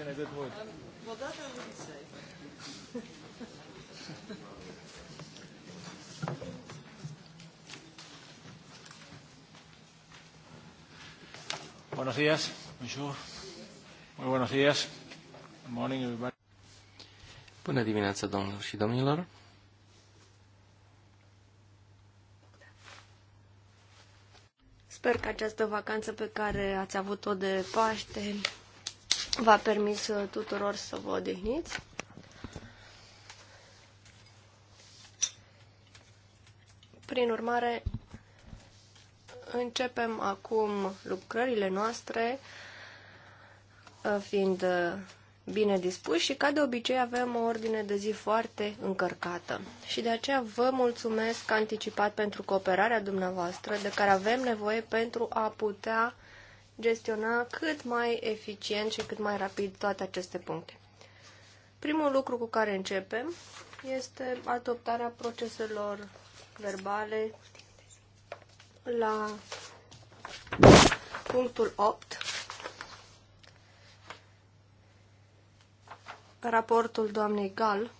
in a good mood. Um, well, that I wouldn't say. Buenos días, bonjour. Muy buenos días. Good morning, everybody. Bună dimineața, domnilor și domnilor. Sper că această vacanță pe care ați avut-o de Paște V-a permis uh, tuturor să vă odihniți. Prin urmare, începem acum lucrările noastre, uh, fiind uh, bine dispuși și, ca de obicei, avem o ordine de zi foarte încărcată. Și de aceea vă mulțumesc anticipat pentru cooperarea dumneavoastră, de care avem nevoie pentru a putea gestiona cât mai eficient și cât mai rapid toate aceste puncte. Primul lucru cu care începem este adoptarea proceselor verbale la punctul 8, raportul doamnei Gal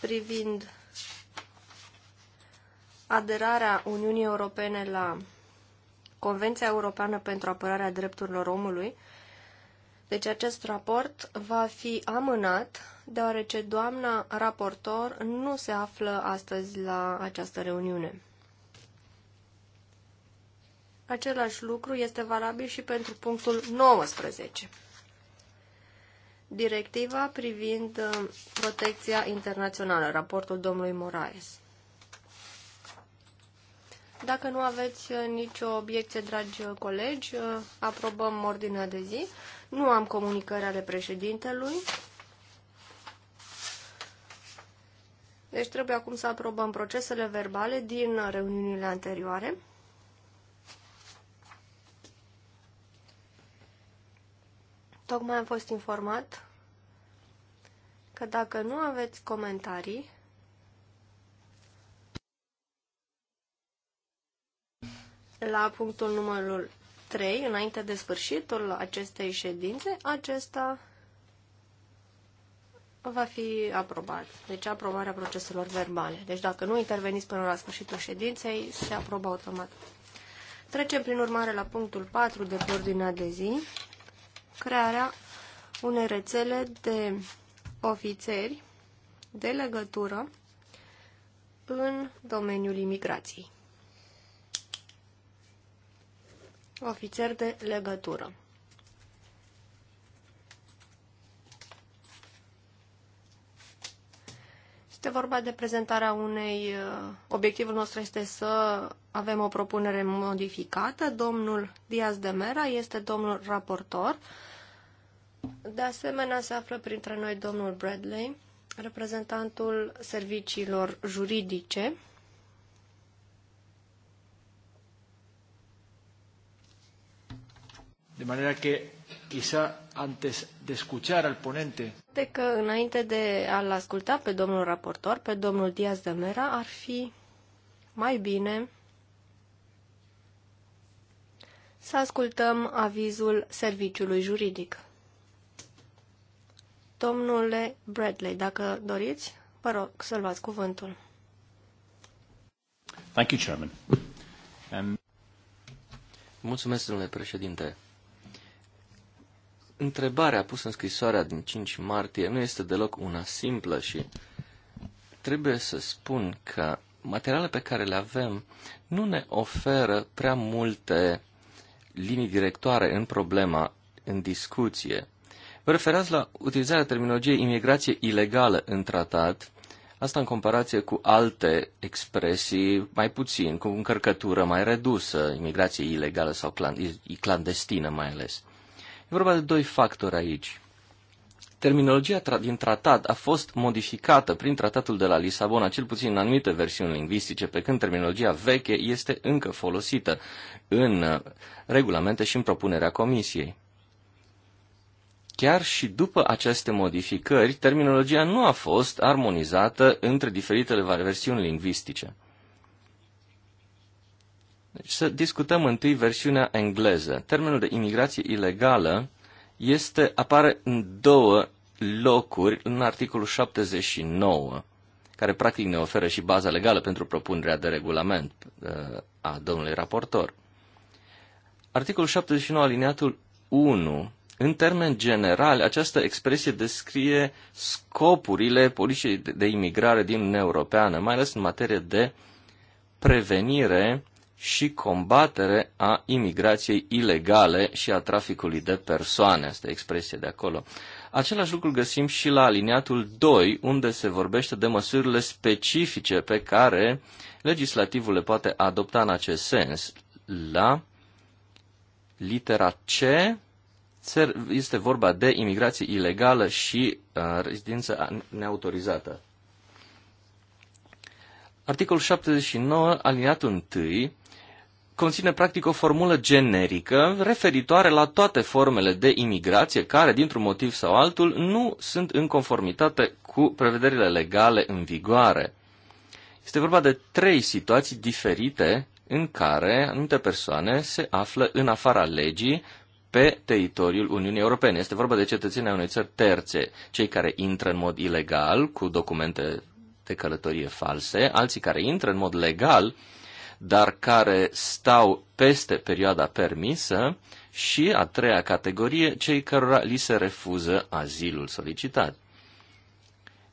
privind aderarea Uniunii Europene la Convenția Europeană pentru Apărarea Drepturilor Omului. Deci acest raport va fi amânat deoarece doamna raportor nu se află astăzi la această reuniune. Același lucru este valabil și pentru punctul 19. Directiva privind uh, protecția internațională, raportul domnului Moraes. Dacă nu aveți uh, nicio obiecție, dragi uh, colegi, uh, aprobăm ordinea de zi. Nu am comunicări ale președintelui. Deci trebuie acum să aprobăm procesele verbale din reuniunile anterioare. Tocmai am fost informat că dacă nu aveți comentarii, la punctul numărul 3, înainte de sfârșitul acestei ședințe, acesta va fi aprobat. Deci aprobarea proceselor verbale. Deci dacă nu interveniți până la sfârșitul ședinței, se aprobă automat. Trecem prin urmare la punctul 4 de pe ordinea de zi, crearea unei rețele de ofițeri de legătură în domeniul imigrației. ofițer de legătură. Este vorba de prezentarea unei... Uh, obiectivul nostru este să avem o propunere modificată. Domnul Diaz de Mera este domnul raportor. De asemenea, se află printre noi domnul Bradley, reprezentantul serviciilor juridice De manera că, quizá antes de escuchar al ponente... De că înainte de a-l asculta pe domnul raportor, pe domnul Diaz de Mera, ar fi mai bine să ascultăm avizul serviciului juridic. Domnule Bradley, dacă doriți, vă rog să luați cuvântul. Thank you, Chairman. Um... Mulțumesc, domnule președinte întrebarea pusă în scrisoarea din 5 martie nu este deloc una simplă și trebuie să spun că materialele pe care le avem nu ne oferă prea multe linii directoare în problema în discuție. Vă referați la utilizarea terminologiei imigrație ilegală în tratat, asta în comparație cu alte expresii mai puțin, cu încărcătură mai redusă, imigrație ilegală sau clandestină mai ales. E vorba de doi factori aici. Terminologia din tratat a fost modificată prin tratatul de la Lisabona, cel puțin în anumite versiuni lingvistice, pe când terminologia veche este încă folosită în uh, regulamente și în propunerea Comisiei. Chiar și după aceste modificări, terminologia nu a fost armonizată între diferitele versiuni lingvistice. Deci să discutăm întâi versiunea engleză. Termenul de imigrație ilegală este, apare în două locuri în articolul 79, care practic ne oferă și baza legală pentru propunerea de regulament uh, a domnului raportor. Articolul 79, aliniatul 1, în termen general, această expresie descrie scopurile politicii de imigrare din Uniunea Europeană, mai ales în materie de prevenire și combatere a imigrației ilegale și a traficului de persoane. Asta e expresie de acolo. Același lucru găsim și la aliniatul 2, unde se vorbește de măsurile specifice pe care legislativul le poate adopta în acest sens. La litera C este vorba de imigrație ilegală și uh, rezidență neautorizată. Articolul 79, aliniatul 1, conține practic o formulă generică referitoare la toate formele de imigrație care, dintr-un motiv sau altul, nu sunt în conformitate cu prevederile legale în vigoare. Este vorba de trei situații diferite în care anumite persoane se află în afara legii pe teritoriul Uniunii Europene. Este vorba de cetățenii unei țări terțe, cei care intră în mod ilegal cu documente de călătorie false, alții care intră în mod legal dar care stau peste perioada permisă și a treia categorie, cei cărora li se refuză azilul solicitat.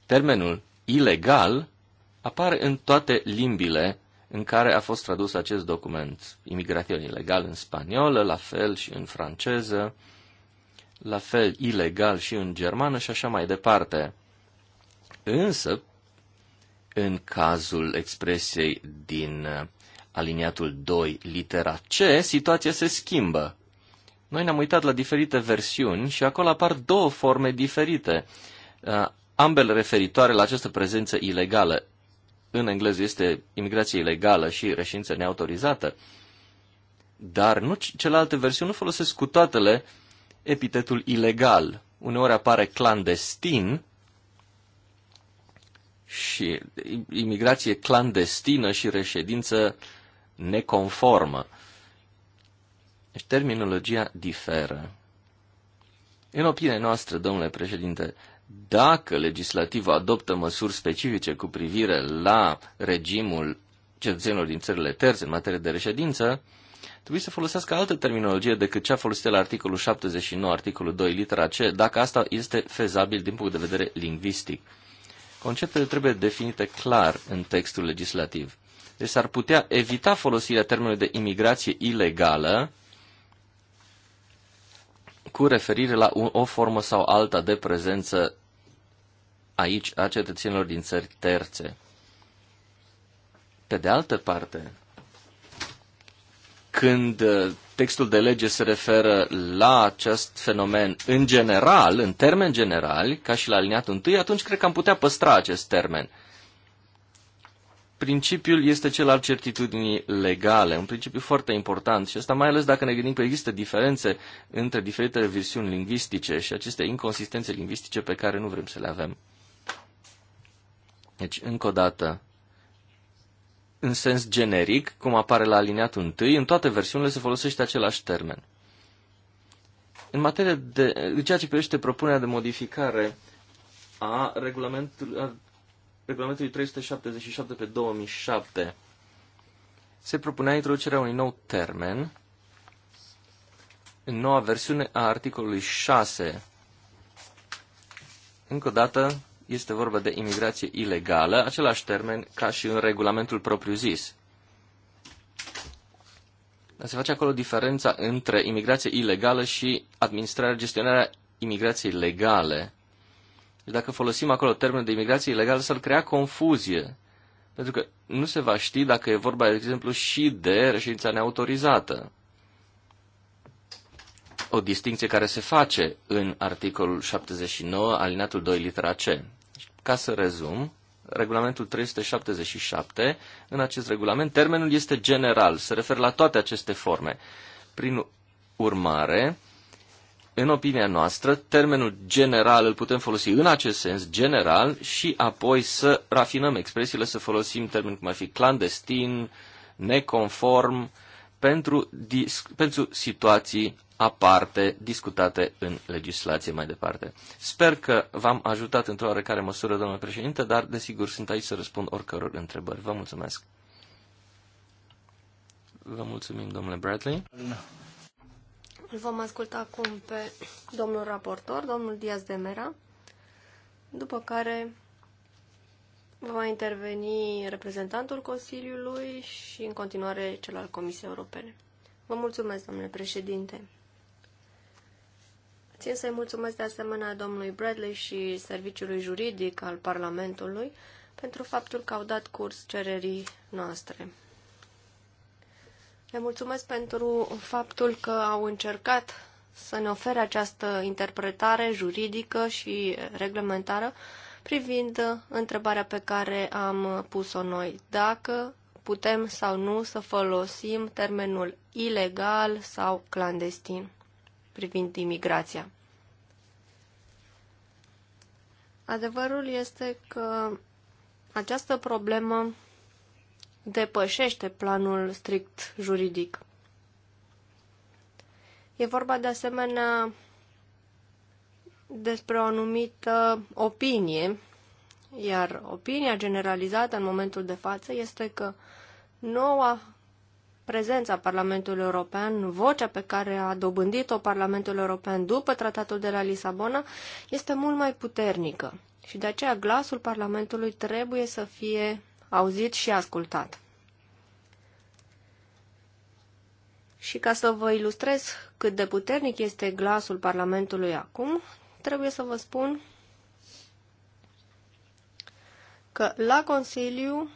Termenul ilegal apare în toate limbile în care a fost tradus acest document. Imigrațion ilegal în spaniolă, la fel și în franceză, la fel ilegal și în germană și așa mai departe. Însă, în cazul expresiei din aliniatul 2, litera C, situația se schimbă. Noi ne-am uitat la diferite versiuni și acolo apar două forme diferite, uh, ambele referitoare la această prezență ilegală. În engleză este imigrație ilegală și reședință neautorizată, dar nu, celelalte versiuni nu folosesc cu toatele epitetul ilegal. Uneori apare clandestin, și imigrație clandestină și reședință neconformă. Deci terminologia diferă. În opinia noastră, domnule președinte, dacă legislativul adoptă măsuri specifice cu privire la regimul cetățenilor din țările terțe în materie de reședință, trebuie să folosească altă terminologie decât cea folosită la articolul 79, articolul 2, litera C, dacă asta este fezabil din punct de vedere lingvistic. Conceptele trebuie definite clar în textul legislativ. Deci s-ar putea evita folosirea termenului de imigrație ilegală cu referire la o formă sau alta de prezență aici a cetățenilor din țări terțe. Pe de altă parte, când uh, textul de lege se referă la acest fenomen în general, în termeni generali, ca și la aliniatul întâi, atunci cred că am putea păstra acest termen – Principiul este cel al certitudinii legale, un principiu foarte important și asta mai ales dacă ne gândim că există diferențe între diferitele versiuni lingvistice și aceste inconsistențe lingvistice pe care nu vrem să le avem. Deci, încă o dată, în sens generic, cum apare la aliniatul întâi, în toate versiunile se folosește același termen. În materie de, în ceea ce privește propunerea de modificare a regulamentului, a regulamentului 377 pe 2007 se propunea introducerea unui nou termen în noua versiune a articolului 6. Încă o dată este vorba de imigrație ilegală, același termen ca și în regulamentul propriu-zis. Dar se face acolo diferența între imigrație ilegală și administrarea, gestionarea imigrației legale dacă folosim acolo termenul de imigrație ilegală, s-ar crea confuzie. Pentru că nu se va ști dacă e vorba, de exemplu, și de reședința neautorizată. O distinție care se face în articolul 79, alinatul 2, litera C. Ca să rezum, regulamentul 377, în acest regulament, termenul este general, se referă la toate aceste forme. Prin urmare, în opinia noastră, termenul general îl putem folosi în acest sens general și apoi să rafinăm expresiile, să folosim termeni cum ar fi clandestin, neconform, pentru, pentru situații aparte discutate în legislație mai departe. Sper că v-am ajutat într-o oarecare măsură, domnule președinte, dar desigur sunt aici să răspund oricăror întrebări. Vă mulțumesc. Vă mulțumim, domnule Bradley. Îl vom asculta acum pe domnul raportor, domnul Diaz de Mera, după care va mai interveni reprezentantul Consiliului și în continuare cel al Comisiei Europene. Vă mulțumesc, domnule președinte. Țin să-i mulțumesc de asemenea domnului Bradley și serviciului juridic al Parlamentului pentru faptul că au dat curs cererii noastre. Le mulțumesc pentru faptul că au încercat să ne ofere această interpretare juridică și reglementară privind întrebarea pe care am pus-o noi. Dacă putem sau nu să folosim termenul ilegal sau clandestin privind imigrația. Adevărul este că această problemă depășește planul strict juridic. E vorba de asemenea despre o anumită opinie, iar opinia generalizată în momentul de față este că noua prezența Parlamentului European, vocea pe care a dobândit-o Parlamentul European după tratatul de la Lisabona, este mult mai puternică. Și de aceea glasul Parlamentului trebuie să fie auzit și ascultat. Și ca să vă ilustrez cât de puternic este glasul Parlamentului acum, trebuie să vă spun că la Consiliu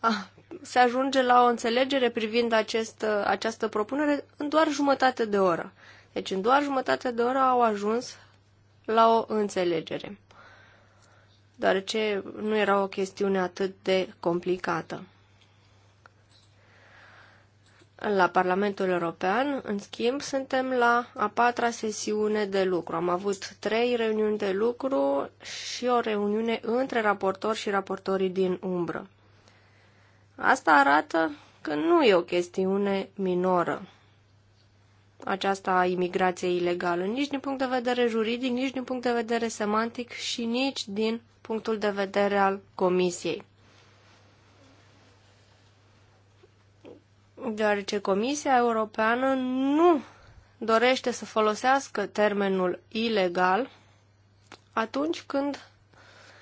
a, se ajunge la o înțelegere privind acest, această propunere în doar jumătate de oră. Deci în doar jumătate de oră au ajuns la o înțelegere deoarece nu era o chestiune atât de complicată. La Parlamentul European, în schimb, suntem la a patra sesiune de lucru. Am avut trei reuniuni de lucru și o reuniune între raportori și raportorii din umbră. Asta arată că nu e o chestiune minoră aceasta a imigrației ilegale, nici din punct de vedere juridic, nici din punct de vedere semantic și nici din punctul de vedere al Comisiei. Deoarece Comisia Europeană nu dorește să folosească termenul ilegal atunci când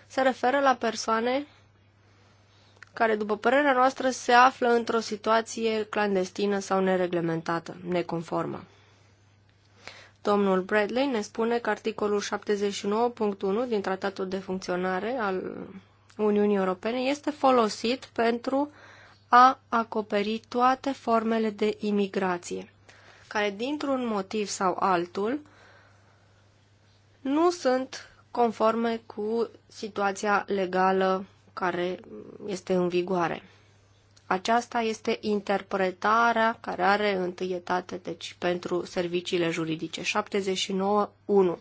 se referă la persoane care, după părerea noastră, se află într-o situație clandestină sau nereglementată, neconformă. Domnul Bradley ne spune că articolul 79.1 din Tratatul de Funcționare al Uniunii Europene este folosit pentru a acoperi toate formele de imigrație, care dintr-un motiv sau altul nu sunt conforme cu situația legală care este în vigoare. Aceasta este interpretarea care are întâietate, deci, pentru serviciile juridice. 79.1.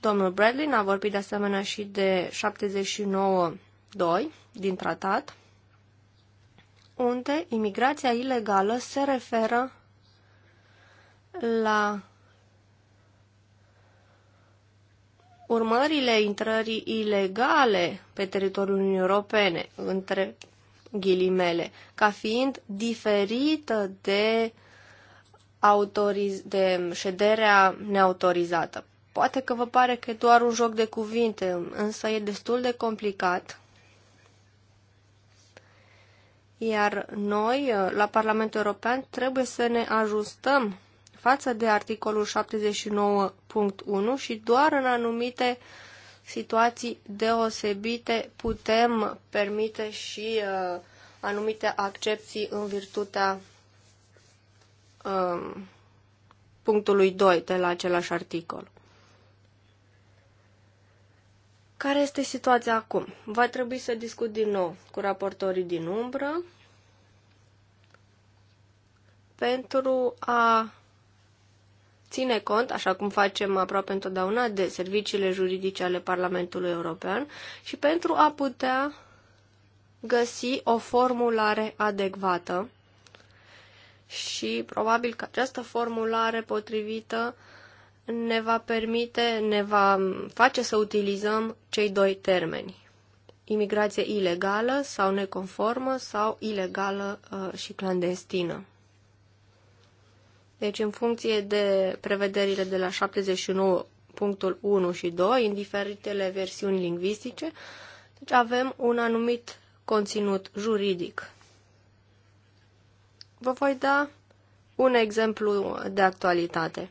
Domnul Bradley a vorbit de asemenea și de 79.2 din tratat, unde imigrația ilegală se referă la urmările intrării ilegale pe teritoriul Uniunii Europene între ghilimele, ca fiind diferită de, autoriz- de șederea neautorizată. Poate că vă pare că e doar un joc de cuvinte, însă e destul de complicat. Iar noi, la Parlamentul European, trebuie să ne ajustăm față de articolul 79.1 și doar în anumite uh, situații deosebite putem permite și uh, anumite accepții în virtutea uh, punctului 2 de la același articol. Care este situația acum? Va trebui să discut din nou cu raportorii din umbră pentru a ține cont, așa cum facem aproape întotdeauna, de serviciile juridice ale Parlamentului European și pentru a putea găsi o formulare adecvată și probabil că această formulare potrivită ne va permite, ne va face să utilizăm cei doi termeni. Imigrație ilegală sau neconformă sau ilegală uh, și clandestină. Deci, în funcție de prevederile de la 79.1 și 2, în diferitele versiuni lingvistice, deci avem un anumit conținut juridic. Vă voi da un exemplu de actualitate.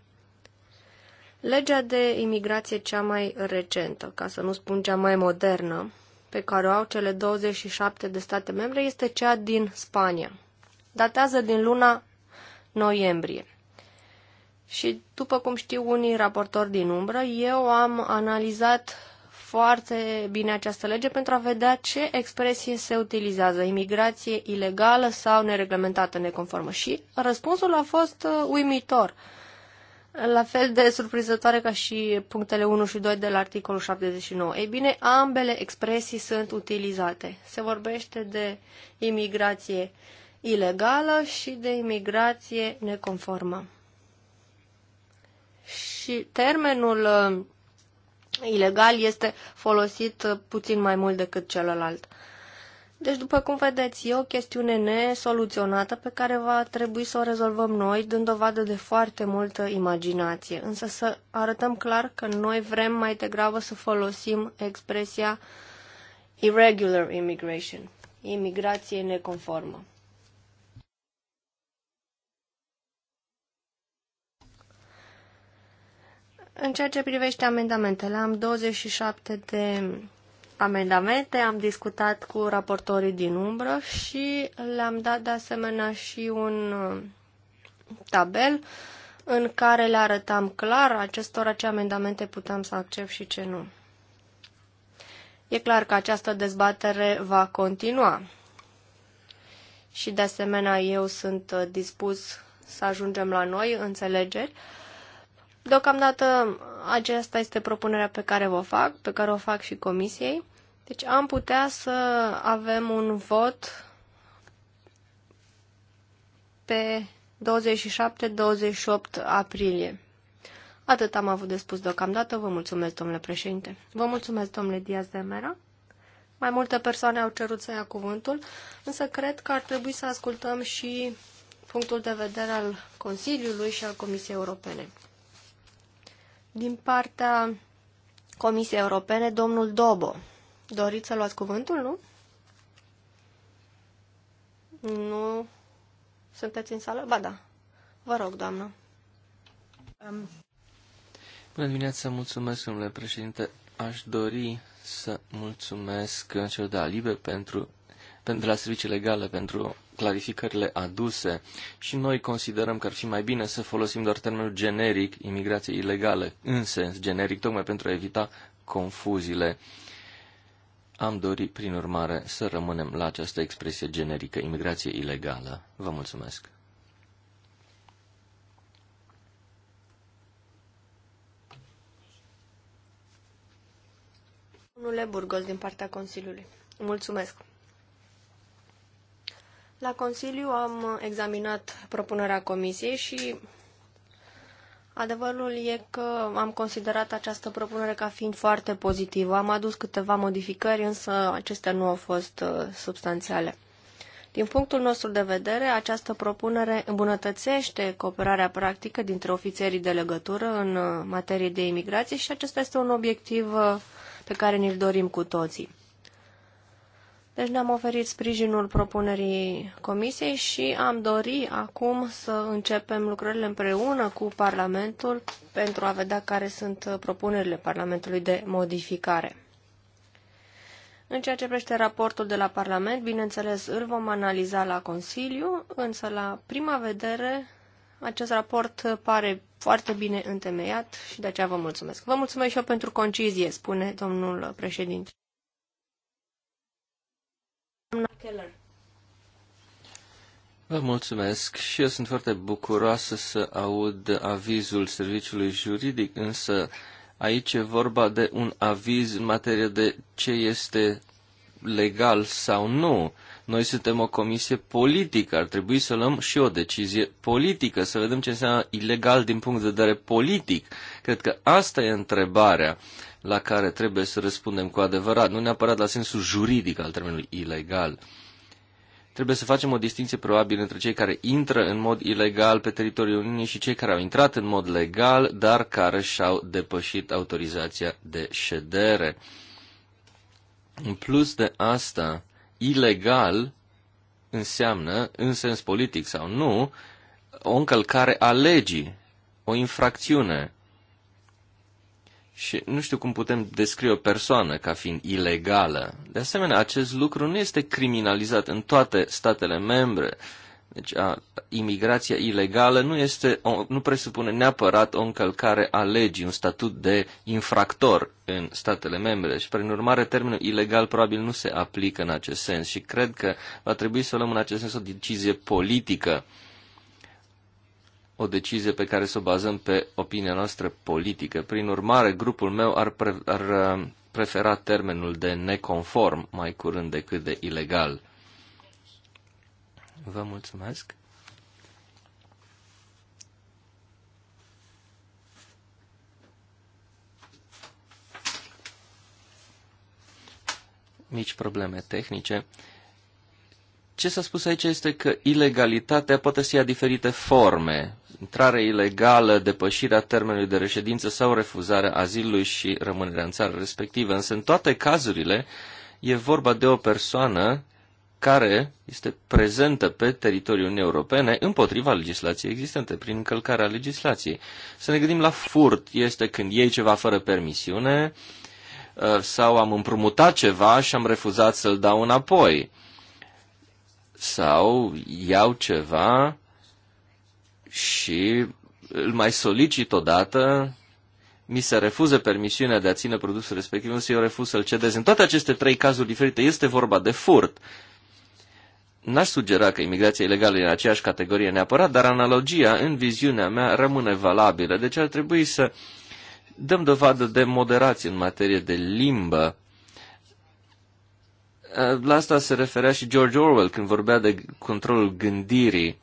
Legea de imigrație cea mai recentă, ca să nu spun cea mai modernă, pe care o au cele 27 de state membre este cea din Spania. Datează din luna noiembrie. Și după cum știu unii raportori din umbră, eu am analizat foarte bine această lege pentru a vedea ce expresie se utilizează, imigrație ilegală sau nereglementată, neconformă. Și răspunsul a fost uh, uimitor. La fel de surprinzătoare ca și punctele 1 și 2 de la articolul 79. Ei bine, ambele expresii sunt utilizate. Se vorbește de imigrație ilegală și de imigrație neconformă și termenul uh, ilegal este folosit uh, puțin mai mult decât celălalt. Deci, după cum vedeți, e o chestiune nesoluționată pe care va trebui să o rezolvăm noi, dând dovadă de foarte multă imaginație. Însă să arătăm clar că noi vrem mai degrabă să folosim expresia irregular immigration, imigrație neconformă. În ceea ce privește amendamentele, am 27 de amendamente, am discutat cu raportorii din umbră și le-am dat de asemenea și un uh, tabel în care le arătam clar acestora ce amendamente putem să accept și ce nu. E clar că această dezbatere va continua. Și de asemenea eu sunt uh, dispus să ajungem la noi înțelegeri Deocamdată aceasta este propunerea pe care o fac, pe care o fac și comisiei. Deci am putea să avem un vot pe 27-28 aprilie. Atât am avut de spus deocamdată. Vă mulțumesc, domnule președinte. Vă mulțumesc, domnule Diaz de Mera. Mai multe persoane au cerut să ia cuvântul, însă cred că ar trebui să ascultăm și punctul de vedere al Consiliului și al Comisiei Europene. Din partea Comisiei Europene, domnul Dobo. Doriți să luați cuvântul, nu? Nu sunteți în sală? Ba da. Vă rog, doamnă. Um. Bună dimineața, mulțumesc, domnule președinte. Aș dori să mulțumesc cel de Alibe pentru, pentru la serviciul legală pentru clarificările aduse și noi considerăm că ar fi mai bine să folosim doar termenul generic imigrație ilegală, în sens generic, tocmai pentru a evita confuziile. Am dorit, prin urmare, să rămânem la această expresie generică, imigrație ilegală. Vă mulțumesc! Domnule Burgos, din partea Consiliului. Mulțumesc! La Consiliu am examinat propunerea Comisiei și adevărul e că am considerat această propunere ca fiind foarte pozitivă. Am adus câteva modificări, însă acestea nu au fost uh, substanțiale. Din punctul nostru de vedere, această propunere îmbunătățește cooperarea practică dintre ofițerii de legătură în uh, materie de imigrație și acesta este un obiectiv uh, pe care ne-l dorim cu toții. Deci ne-am oferit sprijinul propunerii comisiei și am dori acum să începem lucrările împreună cu Parlamentul pentru a vedea care sunt propunerile Parlamentului de modificare. În ceea ce privește raportul de la Parlament, bineînțeles, îl vom analiza la Consiliu, însă la prima vedere acest raport pare foarte bine întemeiat și de aceea vă mulțumesc. Vă mulțumesc și eu pentru concizie, spune domnul președinte doamna Keller. Vă mulțumesc și eu sunt foarte bucuroasă să aud avizul serviciului juridic, însă aici e vorba de un aviz în materie de ce este legal sau nu. Noi suntem o comisie politică, ar trebui să luăm și o decizie politică, să vedem ce înseamnă ilegal din punct de vedere politic. Cred că asta e întrebarea la care trebuie să răspundem cu adevărat, nu neapărat la sensul juridic al termenului ilegal. Trebuie să facem o distinție probabil între cei care intră în mod ilegal pe teritoriul Uniunii și cei care au intrat în mod legal, dar care și-au depășit autorizația de ședere. În plus de asta, ilegal înseamnă, în sens politic sau nu, o încălcare a legii, o infracțiune și nu știu cum putem descrie o persoană ca fiind ilegală. De asemenea, acest lucru nu este criminalizat în toate statele membre. Deci, a, imigrația ilegală nu, este, o, nu presupune neapărat o încălcare a legii, un statut de infractor în statele membre și, prin urmare, termenul ilegal probabil nu se aplică în acest sens și cred că va trebui să luăm în acest sens o decizie politică o decizie pe care să o bazăm pe opinia noastră politică. Prin urmare, grupul meu ar, pre- ar uh, prefera termenul de neconform mai curând decât de ilegal. Vă mulțumesc. Mici probleme tehnice. Ce s-a spus aici este că ilegalitatea poate să ia diferite forme intrare ilegală, depășirea termenului de reședință sau refuzarea azilului și rămânerea în țară respectivă. Însă în toate cazurile e vorba de o persoană care este prezentă pe teritoriul Uniunii Europene împotriva legislației existente, prin încălcarea legislației. Să ne gândim la furt, este când iei ceva fără permisiune uh, sau am împrumutat ceva și am refuzat să-l dau înapoi sau iau ceva și îl mai solicit odată, mi se refuză permisiunea de a ține produsul respectiv, însă eu refuz să-l cedez. În toate aceste trei cazuri diferite este vorba de furt. N-aș sugera că imigrația ilegală e în aceeași categorie neapărat, dar analogia, în viziunea mea, rămâne valabilă. Deci ar trebui să dăm dovadă de moderație în materie de limbă. La asta se referea și George Orwell când vorbea de controlul gândirii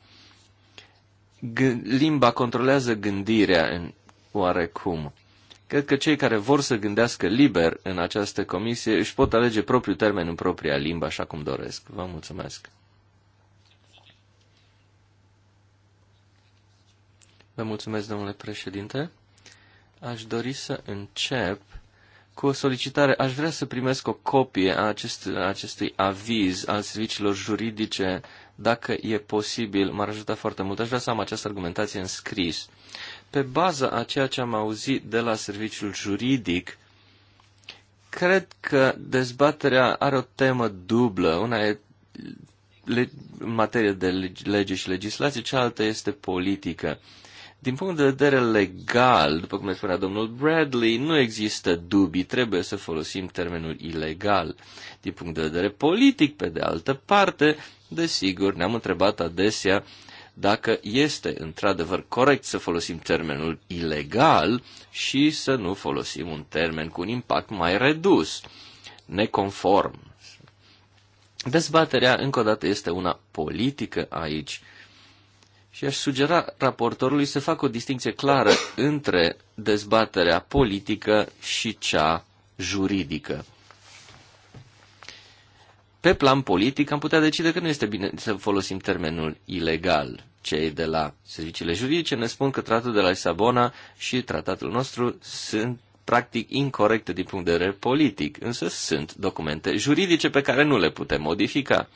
limba controlează gândirea în oarecum. Cred că cei care vor să gândească liber în această comisie își pot alege propriul termen în propria limbă, așa cum doresc. Vă mulțumesc. Vă mulțumesc, domnule președinte. Aș dori să încep cu o solicitare. Aș vrea să primesc o copie a, acest, acestui aviz al serviciilor juridice uh, dacă e posibil, m-ar ajuta foarte mult. Aș vrea să am această argumentație în scris. Pe baza a ceea ce am auzit de la serviciul juridic, cred că dezbaterea are o temă dublă. Una e le- în materie de lege și legislație, cealaltă este politică. Din punct de vedere legal, după cum spunea domnul Bradley, nu există dubii, trebuie să folosim termenul ilegal. Din punct de vedere politic, pe de altă parte, Desigur, ne-am întrebat adesea dacă este într-adevăr corect să folosim termenul ilegal și să nu folosim un termen cu un impact mai redus, neconform. Dezbaterea, încă o dată, este una politică aici. Și aș sugera raportorului să facă o distinție clară între dezbaterea politică și cea juridică pe plan politic am putea decide că nu este bine să folosim termenul ilegal. Cei de la serviciile juridice ne spun că tratatul de la Lisabona și tratatul nostru sunt practic incorrecte din punct de vedere politic, însă sunt documente juridice pe care nu le putem modifica.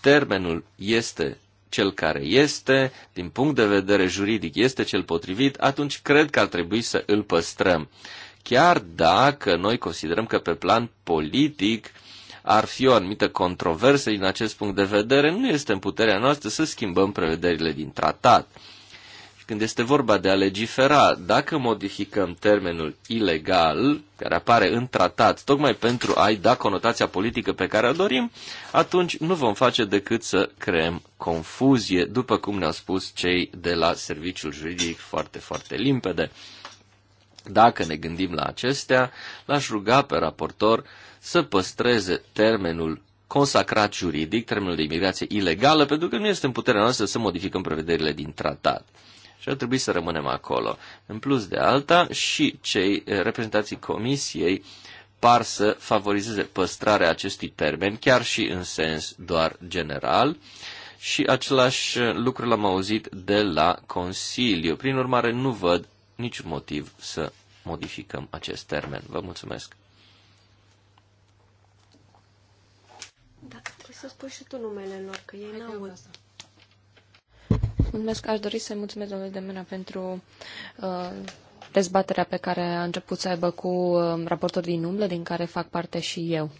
Termenul este cel care este, din punct de vedere juridic este cel potrivit, atunci cred că ar trebui să îl păstrăm. Chiar dacă noi considerăm că pe plan politic ar fi o anumită controversă din acest punct de vedere, nu este în puterea noastră să schimbăm prevederile din tratat. Și când este vorba de a legifera, dacă modificăm termenul ilegal, care apare în tratat, tocmai pentru a-i da conotația politică pe care o dorim, atunci nu vom face decât să creăm confuzie, după cum ne-au spus cei de la serviciul juridic foarte, foarte limpede. Dacă ne gândim la acestea, l-aș ruga pe raportor să păstreze termenul consacrat juridic, termenul de imigrație ilegală, pentru că nu este în puterea noastră să modificăm prevederile din tratat. Și ar trebui să rămânem acolo. În plus de alta, și cei eh, reprezentații comisiei par să favorizeze păstrarea acestui termen, chiar și în sens doar general. Și același lucru l-am auzit de la Consiliu. Prin urmare, nu văd niciun motiv să modificăm acest termen. Vă mulțumesc. Da, trebuie să spui și tu numele lor, că ei n-au Mulțumesc, aș dori să-i mulțumesc domnului Demena pentru uh, dezbaterea pe care a început să aibă cu uh, raportul din umblă, din care fac parte și eu.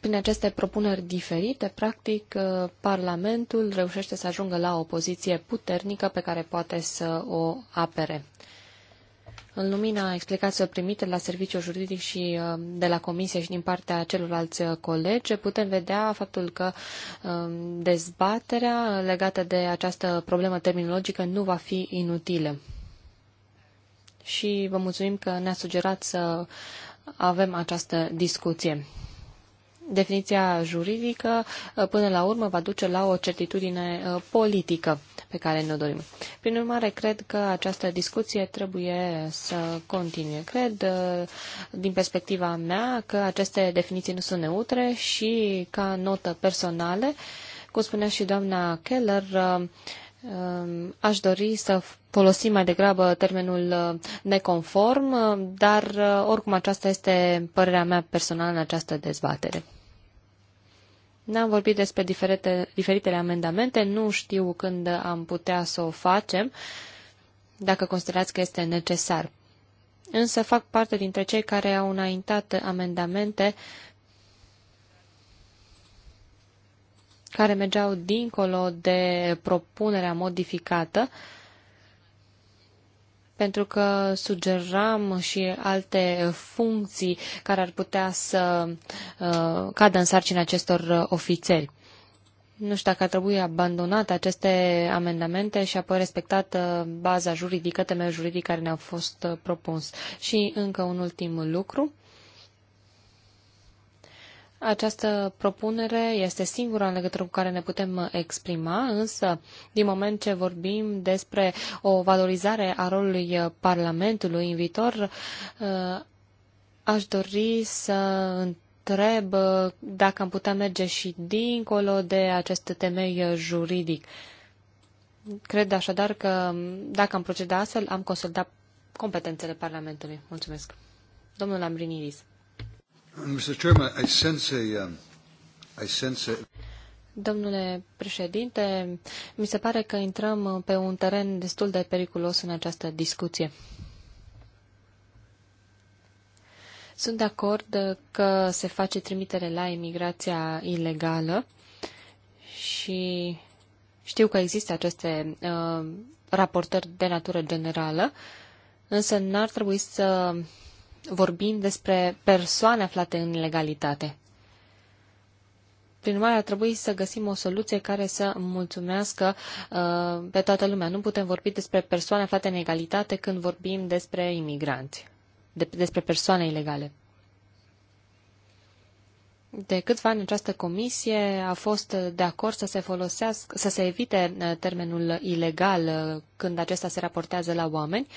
prin aceste propuneri diferite, practic, uh, Parlamentul reușește să ajungă la o poziție puternică pe care poate să o apere. În lumina explicațiilor primite la serviciul juridic și uh, de la comisie și din partea celorlalți uh, colegi, putem vedea faptul că dezbaterea legată de această problemă terminologică nu va fi inutilă. Și vă mulțumim că ne-a sugerat să avem această discuție definiția juridică, uh, până la urmă, va duce la o certitudine uh, politică pe care ne-o dorim. Prin urmare, cred că această discuție trebuie să continue. Cred, uh, din perspectiva mea, că aceste definiții nu sunt neutre și, ca notă personală, cum spunea și doamna Keller, um, aș dori să folosim mai degrabă termenul neconform, dar oricum aceasta este părerea mea personală în această dezbatere. N-am vorbit despre diferite, diferitele amendamente, nu știu când am putea să o facem, dacă considerați că este necesar. Însă fac parte dintre cei care au înaintat amendamente care mergeau dincolo de propunerea modificată, uh, pentru că sugeram și alte funcții care ar putea să uh, cadă în sarcina acestor uh, ofițeri. Nu știu dacă ar trebui abandonate aceste amendamente și apoi respectată uh, baza juridică, temeiul juridic care ne-a fost propus. Și încă un ultim lucru. Această propunere este singura în legătură cu care ne putem exprima, însă din moment ce vorbim despre o valorizare a rolului Parlamentului în viitor, aș dori să întreb dacă am putea merge și dincolo de acest temei juridic. Cred așadar că dacă am proceda astfel, am consultat competențele Parlamentului. Mulțumesc. Domnul Ambriniris. Um, Domnule președinte, mi se pare că intrăm pe un teren destul de periculos în această discuție. Sunt de acord că se face trimitere la imigrația ilegală și știu că există aceste uh, raportări de natură generală, însă n-ar trebui să vorbim despre persoane aflate în ilegalitate. Prin urmare, ar trebui să găsim o soluție care să mulțumească uh, pe toată lumea. Nu putem vorbi despre persoane aflate în egalitate când vorbim despre imigranți, de, despre persoane ilegale. De câțiva ani această comisie a fost de acord să se folosească, să se evite uh, termenul ilegal uh, când acesta se raportează la oameni, uh,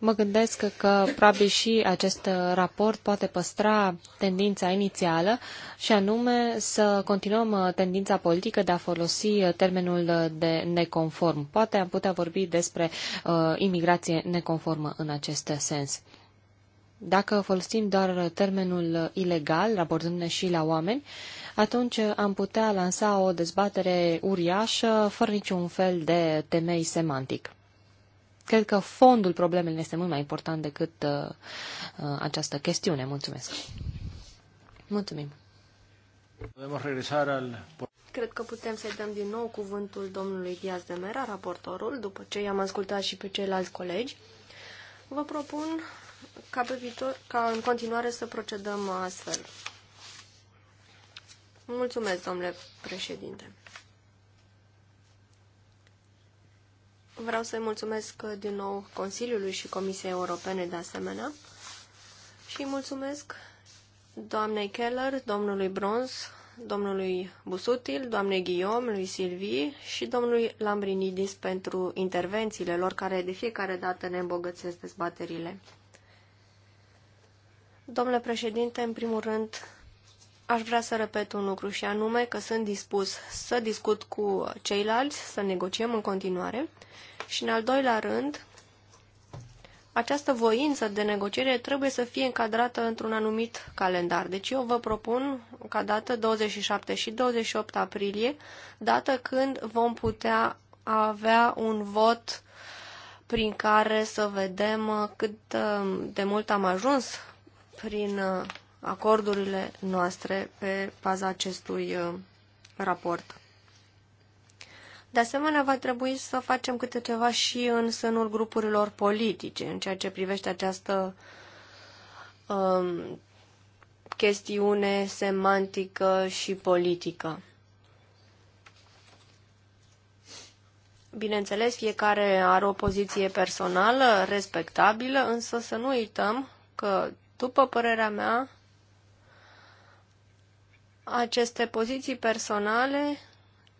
Mă gândesc că probabil și acest raport poate păstra tendința inițială și anume să continuăm tendința politică de a folosi termenul de neconform. Poate am putea vorbi despre uh, imigrație neconformă în acest sens. Dacă folosim doar termenul ilegal, raportându-ne și la oameni, atunci am putea lansa o dezbatere uriașă, fără niciun fel de temei semantic. Cred că fondul problemelor este mult mai important decât uh, uh această chestiune. Mulțumesc. Mulțumim. Cred că putem să-i dăm din nou cuvântul domnului Diaz de Mera, raportorul, după ce i-am ascultat și pe ceilalți colegi. Vă propun ca pe viitor, ca în continuare să procedăm astfel. Mulțumesc, domnule președinte. Vreau să-i mulțumesc din nou Consiliului și Comisiei Europene de asemenea și mulțumesc doamnei Keller, domnului Bronz, domnului Busutil, doamnei Guillaume, lui Silvii și domnului Lambrinidis pentru intervențiile lor care de fiecare dată ne îmbogățesc dezbaterile. Domnule președinte, în primul rând, aș vrea să repet un lucru și anume că sunt dispus să discut cu ceilalți, să negociem în continuare și în al doilea rând, această voință de negociere trebuie să fie încadrată într-un anumit calendar. Deci eu vă propun ca dată 27 și 28 aprilie, dată când vom putea avea un vot prin care să vedem cât uh, de mult am ajuns prin uh, acordurile noastre pe baza acestui uh, raport. De asemenea, va trebui să facem câte ceva și în sânul grupurilor politice, în ceea ce privește această um, chestiune semantică și politică. Bineînțeles, fiecare are o poziție personală, respectabilă, însă să nu uităm că, după părerea mea, aceste poziții personale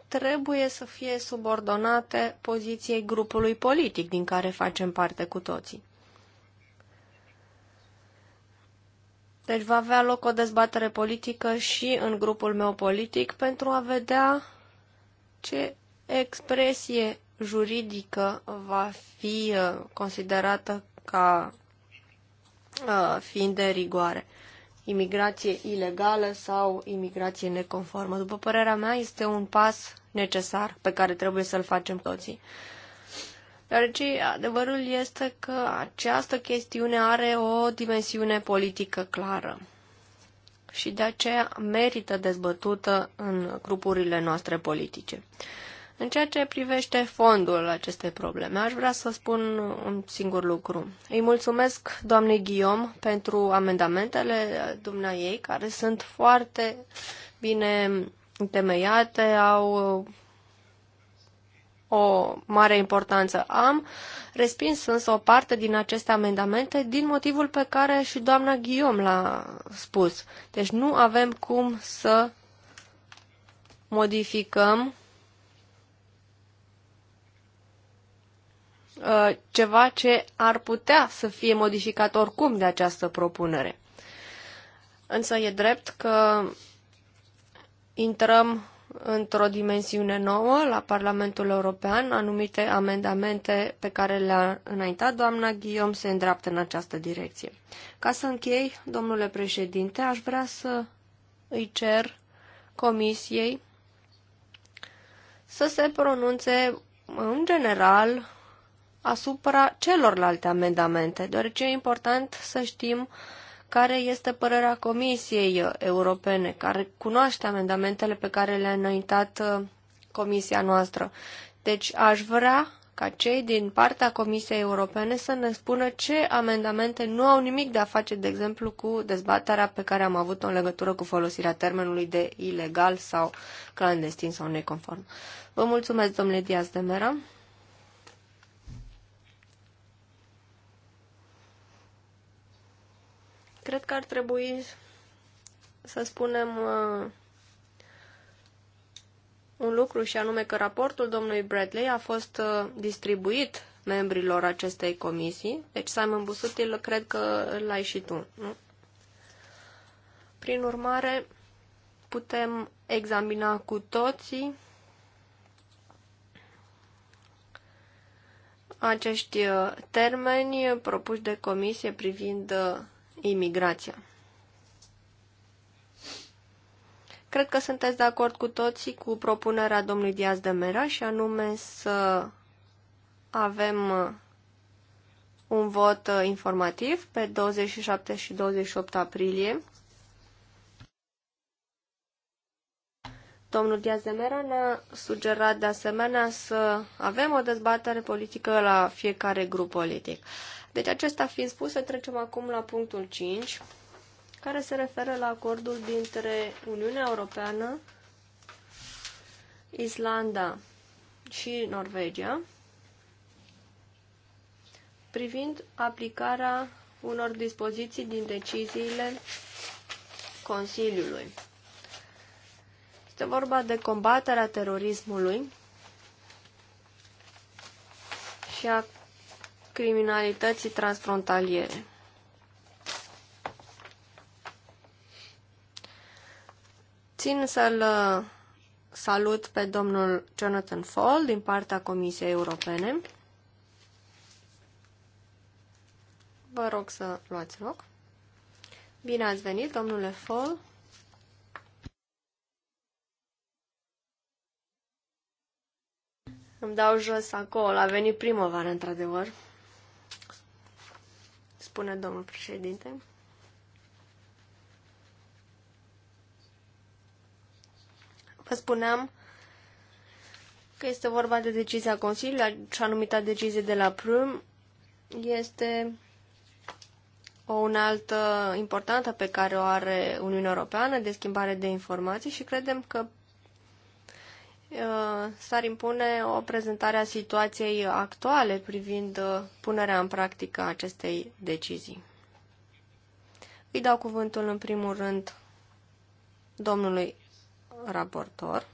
trebuie să fie subordonate poziției grupului politic din care facem parte cu toții. Deci va avea loc o dezbatere politică și în grupul meu politic pentru a vedea ce expresie juridică va fi uh, considerată ca uh, fiind de rigoare imigrație ilegală sau imigrație neconformă. După părerea mea, este un pas necesar pe care trebuie să-l facem toții. Deoarece adevărul este că această chestiune are o dimensiune politică clară și de aceea merită dezbătută în grupurile noastre politice. În ceea ce privește fondul acestei probleme, aș vrea să spun un singur lucru. Îi mulțumesc doamnei Guillaume pentru amendamentele ei, care sunt foarte bine întemeiate, au o mare importanță. Am respins însă o parte din aceste amendamente din motivul pe care și doamna Ghiom l-a spus. Deci nu avem cum să modificăm Uh, ceva ce ar putea să fie modificat oricum de această propunere. Însă e drept că intrăm într-o dimensiune nouă la Parlamentul European. Anumite amendamente pe care le-a înaintat doamna Guillaume se îndreaptă în această direcție. Ca să închei, domnule președinte, aș vrea să îi cer comisiei să se pronunțe în general asupra celorlalte amendamente, deoarece e important să știm care este părerea Comisiei Europene, care cunoaște amendamentele pe care le-a înaintat uh, Comisia noastră. Deci aș vrea ca cei din partea Comisiei Europene să ne spună ce amendamente nu au nimic de a face, de exemplu, cu dezbaterea pe care am avut-o în legătură cu folosirea termenului de ilegal sau clandestin sau neconform. Vă mulțumesc, domnule Diaz de Mera. Cred că ar trebui să spunem uh, un lucru și anume că raportul domnului Bradley a fost uh, distribuit membrilor acestei comisii. Deci, Simon Busutil, cred că l-ai și tu. Nu? Prin urmare, putem examina cu toții acești uh, termeni propuși de comisie privind imigrația. Cred că sunteți de acord cu toții cu propunerea domnului Diaz de Mera și anume să avem uh, un vot uh, informativ pe 27 și 28 aprilie. Domnul Diaz de Mera ne-a sugerat de asemenea să avem o dezbatere politică la fiecare grup politic. Deci acesta fiind spus, să trecem acum la punctul 5, care se referă la acordul dintre Uniunea Europeană, Islanda și Norvegia privind aplicarea unor dispoziții din deciziile Consiliului. Este vorba de combaterea terorismului și a criminalității transfrontaliere. Țin să-l uh, salut pe domnul Jonathan Fall din partea Comisiei Europene. Vă rog să luați loc. Bine ați venit, domnule Fall. Îmi dau jos acolo, a venit primăvară, într-adevăr spune domnul președinte. Vă spuneam că este vorba de decizia Consiliului, așa numită decizie de la Prum. Este o unaltă importantă pe care o are Uniunea Europeană de schimbare de informații și credem că Uh, s-ar impune o prezentare a situației actuale privind uh, punerea în practică a acestei decizii. Îi dau cuvântul în primul rând domnului raportor.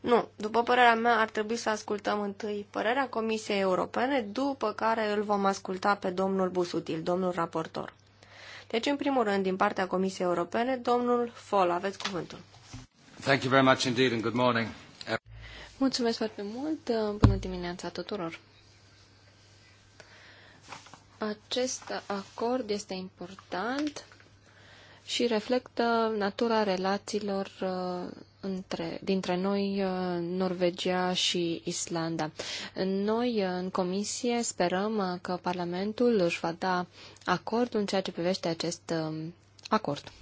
Nu, după părerea mea ar trebui să ascultăm întâi părerea Comisiei Europene, după care îl vom asculta pe domnul Busutil, domnul raportor. Deci, în primul rând, din partea Comisiei Europene, domnul Fol, aveți cuvântul. Thank you very much indeed and good morning. Mulțumesc foarte mult. Bună dimineața tuturor. Acest acord este important și reflectă natura relațiilor uh, între, dintre noi, uh, Norvegia și Islanda. Noi, uh, în comisie, sperăm că Parlamentul își va da acordul în ceea ce privește acest acord.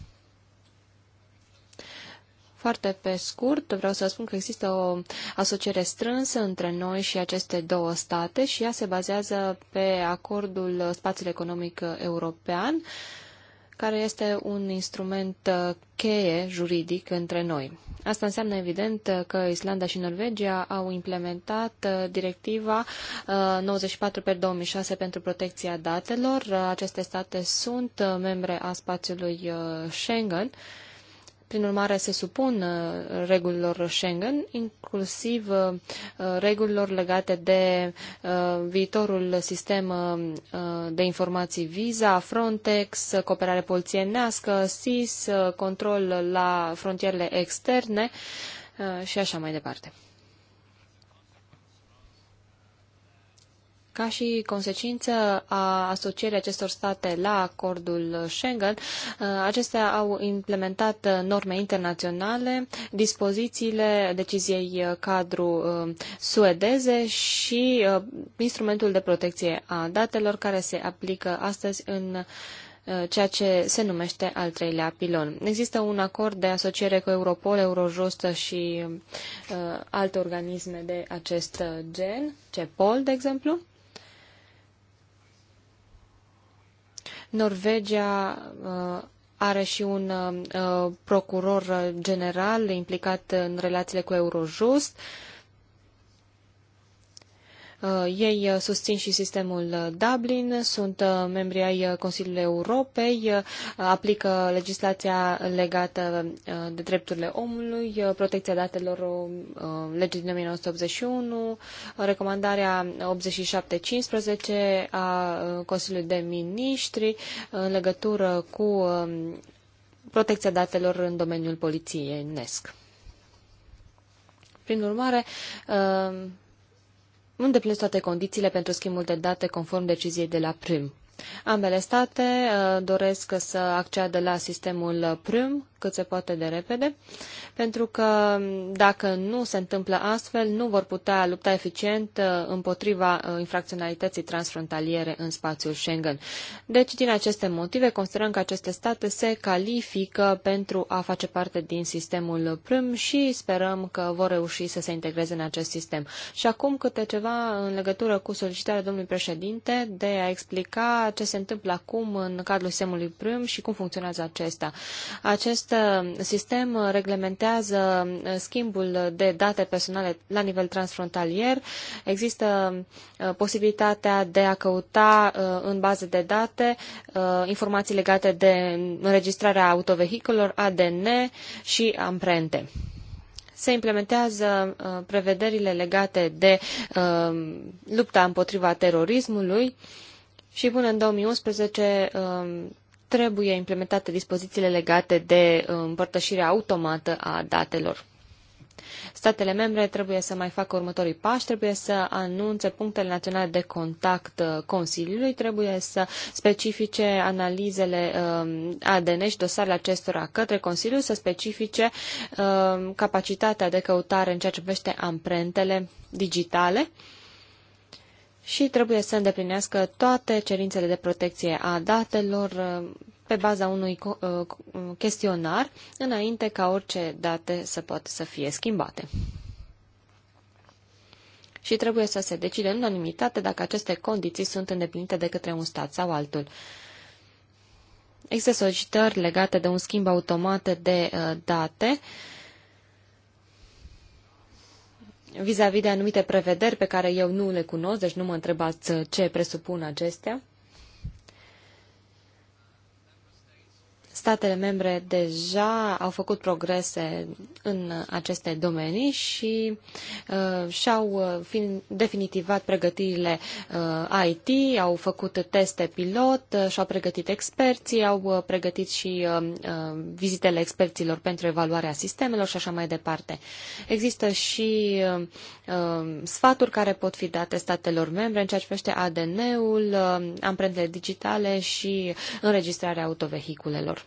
Foarte pe scurt, vreau să spun că există o asociere strânsă între noi și aceste două state și ea se bazează pe acordul spațiul economic european, care este un instrument cheie juridic între noi. Asta înseamnă evident că Islanda și Norvegia au implementat uh, directiva 94 uh, pe 2006 pentru protecția datelor. Uh, aceste state sunt membre a spațiului Schengen prin urmare, se supun uh, regulilor Schengen, inclusiv uh, uh, regulilor legate de viitorul sistem de informații Visa, Frontex, cooperare polițienească, SIS, control la frontierele externe și așa mai departe. Ca și consecință a asocierii acestor state la acordul Schengen, uh, acestea au implementat uh, norme internaționale, dispozițiile deciziei uh, cadru suedeze și instrumentul de protecție a datelor care se aplică astăzi în ceea ce se numește al treilea pilon. Există un acord de asociere cu Europol, Eurojust și uh, alte organisme de acest gen, CEPOL, de exemplu, Norvegia uh, are și un uh, procuror general implicat în relațiile cu Eurojust. Uh, Uh, ei uh, susțin și sistemul uh, Dublin, sunt membri ai Consiliului Europei, aplică legislația legată de drepturile omului, protecția datelor legii din 1981, recomandarea 8715 a Consiliului de Miniștri în legătură cu protecția datelor în domeniul poliției NESC. Prin urmare, nu îndeplinesc toate condițiile pentru schimbul de date conform deciziei de la prim. Ambele state uh, doresc să acceadă la sistemul PRIM cât se poate de repede, pentru că um, dacă nu se întâmplă astfel, nu vor putea lupta eficient uh, împotriva uh, infracționalității transfrontaliere în spațiul Schengen. Deci, din aceste motive, considerăm că aceste state se califică pentru a face parte din sistemul PRIM și sperăm că vor reuși să se integreze în acest sistem. Și acum câte ceva în legătură cu solicitarea domnului președinte de a explica ce se întâmplă acum în cadrul sistemului PRIM și cum funcționează acesta. Acest uh, sistem reglementează uh, schimbul de date personale la nivel transfrontalier. Există uh, posibilitatea de a căuta în baze de date informații legate de înregistrarea autovehiculor, ADN și amprente se implementează uh, prevederile legate de uh, lupta împotriva terorismului, uh, și până în 2011 um, trebuie implementate dispozițiile legate de um, împărtășirea automată a datelor. Statele membre trebuie să mai facă următorii pași, trebuie să anunțe punctele naționale de contact uh, Consiliului, trebuie să specifice analizele um, ADN și dosarele acestora către Consiliu, să specifice capacitatea de căutare în ceea ce privește amprentele digitale și trebuie să îndeplinească toate cerințele de protecție a datelor uh, pe baza unui uh, uh, chestionar înainte ca orice date să poată să fie schimbate. Și trebuie să se decide în unanimitate dacă aceste condiții sunt îndeplinite de către un stat sau altul. Există solicitări legate de un schimb automat de date uh, vis-a-vis de anumite prevederi pe care eu nu le cunosc, deci nu mă întrebați ce presupun acestea. Statele membre deja au făcut progrese în aceste domenii și uh, și-au uh, definitivat pregătirile uh, IT, au făcut teste pilot, uh, și-au pregătit experții, au uh, pregătit și uh, uh vizitele experților pentru evaluarea sistemelor și așa mai departe. Există și uh, uh sfaturi care pot fi date statelor membre în ceea ce privește ADN-ul, uh, amprentele digitale și înregistrarea autovehiculelor.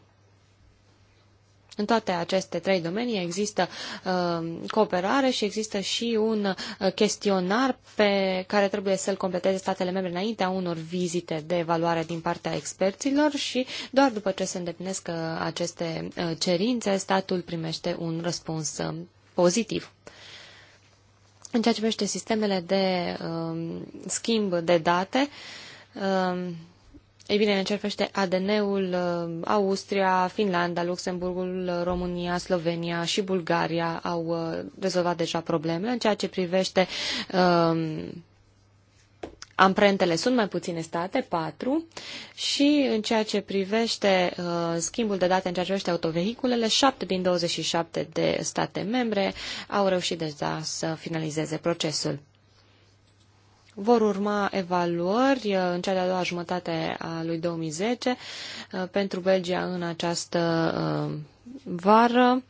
În toate aceste trei domenii există uh, cooperare și există și un uh, chestionar pe care trebuie să-l completeze statele membre înaintea unor vizite de evaluare din partea experților și doar după ce se îndeplinesc uh, aceste uh, cerințe, statul primește un răspuns uh, pozitiv. În ceea ce privește sistemele de uh, schimb de date, uh, ei bine, încercește ADN-ul uh, Austria, Finlanda, Luxemburgul, uh, România, Slovenia și Bulgaria au uh, rezolvat deja problemele. În ceea ce privește um, amprentele, sunt mai puține state, patru, și în ceea ce privește uh, schimbul de date, în ceea ce privește autovehiculele, 7 din 27 de state membre au reușit deja să finalizeze procesul. Vor urma evaluări uh, în cea de-a doua jumătate a lui 2010 uh, pentru Belgia în această uh, vară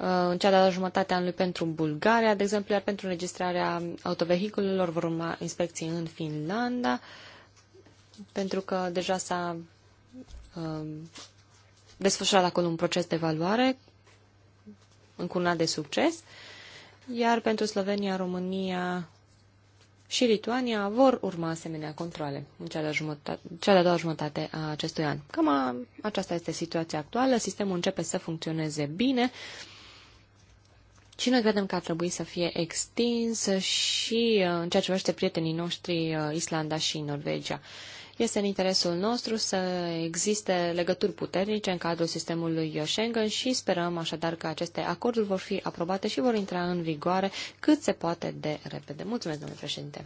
în cea de-a doua jumătate a anului pentru Bulgaria, de exemplu, iar pentru înregistrarea autovehiculelor vor urma inspecții în Finlanda, pentru că deja s-a desfășurat acolo un proces de evaluare încurnat de succes, iar pentru Slovenia, România, și Lituania vor urma asemenea controle în cea de-a, jumătate, cea de doua jumătate a acestui an. Cam a, aceasta este situația actuală, sistemul începe să funcționeze bine și noi credem că ar trebui să fie extins și uh, în ceea ce privește prietenii noștri uh, Islanda și Norvegia. Este în interesul nostru să existe legături puternice în cadrul sistemului Schengen și sperăm așadar că aceste acorduri vor fi aprobate și vor intra în vigoare cât se poate de repede. Mulțumesc, domnule președinte.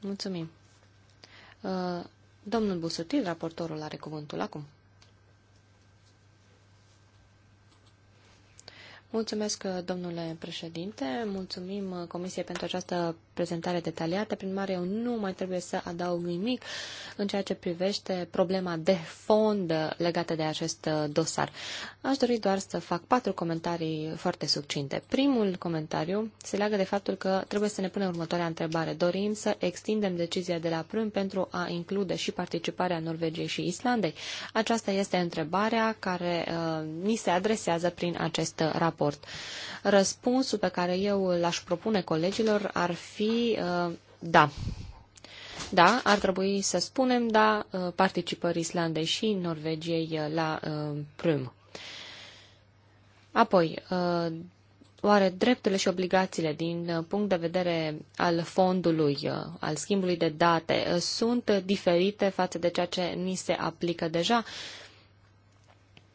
Mulțumim. Uh, domnul Busutil, raportorul, are cuvântul acum. Mulțumesc, domnule președinte. Mulțumim Comisiei pentru această prezentare detaliată. Prin mare, eu nu mai trebuie să adaug nimic în ceea ce privește problema de fond legată de acest dosar. Aș dori doar să fac patru comentarii foarte succinte. Primul comentariu se leagă de faptul că trebuie să ne punem următoarea întrebare. Dorim să extindem decizia de la prânz pentru a include și participarea Norvegiei și Islandei? Aceasta este întrebarea care uh, ni se adresează prin acest raport raport. Răspunsul pe care eu l-aș propune colegilor ar fi uh, da. Da, ar trebui să spunem da uh, participării Islandei și Norvegiei uh, la uh, Apoi, uh, oare drepturile și obligațiile din uh, punct de vedere al fondului, al schimbului de date, sunt diferite față de ceea ce ni se aplică deja? Uh,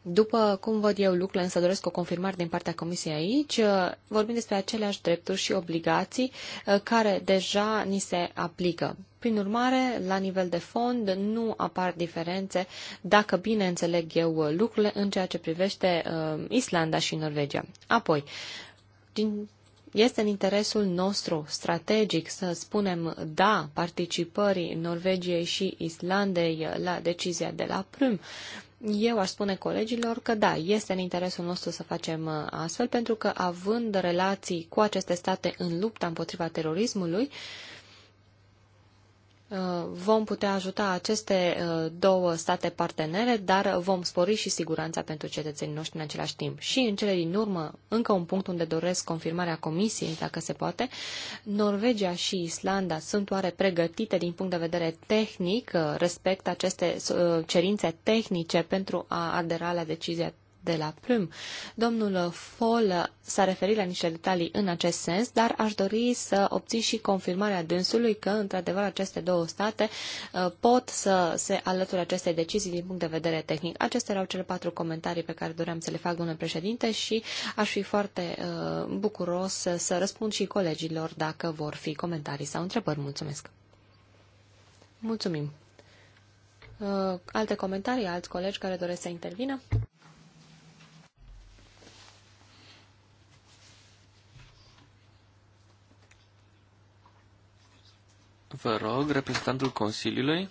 după cum văd eu lucrurile, însă doresc o confirmare din partea Comisiei aici, vorbim despre aceleași drepturi și obligații uh, care deja ni se aplică. Prin urmare, la nivel de fond, nu apar diferențe, dacă bine înțeleg eu uh, lucrurile, în ceea ce privește uh, Islanda și Norvegia. Apoi, din este în interesul nostru strategic să spunem da participării Norvegiei și Islandei la decizia de la Prüm, eu aș spune colegilor că da, este în interesul nostru să facem uh, astfel, pentru că având relații cu aceste state în lupta împotriva terorismului, uh, Uh, vom putea ajuta aceste uh, două state partenere, dar vom spori și siguranța pentru cetățenii noștri în același timp. Și în cele din urmă, încă un punct unde doresc confirmarea Comisiei, dacă se poate, Norvegia și Islanda sunt oare pregătite din punct de vedere tehnic, uh, respect aceste cerințe tehnice pentru a adera la decizia de la Prüm. Domnul Fol s-a referit la niște detalii în acest sens, dar aș dori să obții și confirmarea dânsului că, într-adevăr, aceste două state uh, pot să se alăture acestei decizii din punct de vedere tehnic. Acestea erau cele patru comentarii pe care doream să le fac, domnule președinte, și aș fi foarte uh, bucuros să, să răspund și colegilor dacă vor fi comentarii sau întrebări. Mulțumesc! Mulțumim! Uh, alte comentarii, alți colegi care doresc să intervină? Vă rog, reprezentantul Consiliului.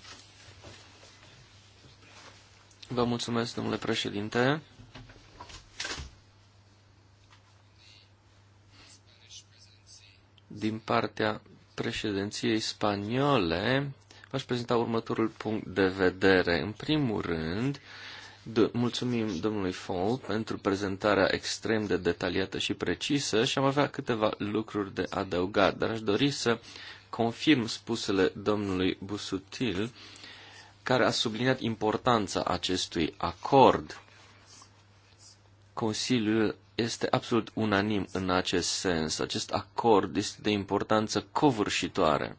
Vă mulțumesc, domnule președinte. Din partea președinției spaniole, v-aș prezenta următorul punct de vedere. În primul rând, mulțumim domnului Fol pentru prezentarea extrem de detaliată și precisă și am avea câteva lucruri de adăugat, dar aș dori să confirm spusele domnului Busutil, care a subliniat importanța acestui acord. Consiliul este absolut unanim în acest sens. Acest acord este de importanță covârșitoare.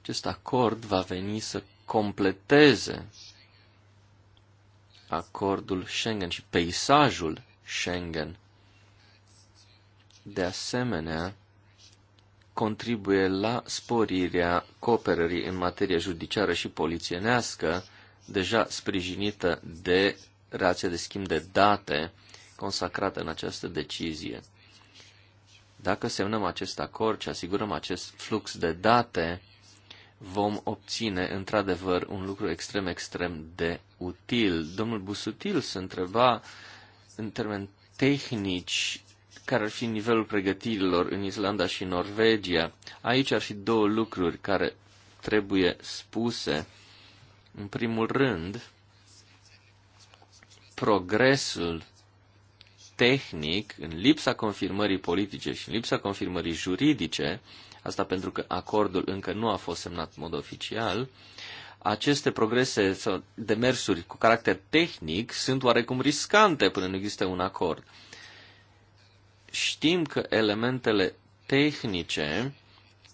Acest acord va veni să completeze acordul Schengen și peisajul Schengen. De asemenea, contribuie la sporirea cooperării în materie judiciară și polițienească, deja sprijinită de rația de schimb de date consacrată în această decizie. Dacă semnăm acest acord și asigurăm acest flux de date, vom obține într-adevăr un lucru extrem, extrem de util. Domnul Busutil se întreba în termeni tehnici care ar fi nivelul pregătirilor în Islanda și Norvegia. Aici ar fi două lucruri care trebuie spuse. În primul rând, progresul tehnic, în lipsa confirmării politice și în lipsa confirmării juridice, asta pentru că acordul încă nu a fost semnat în mod oficial, aceste progrese sau demersuri cu caracter tehnic sunt oarecum riscante până nu există un acord știm că elementele tehnice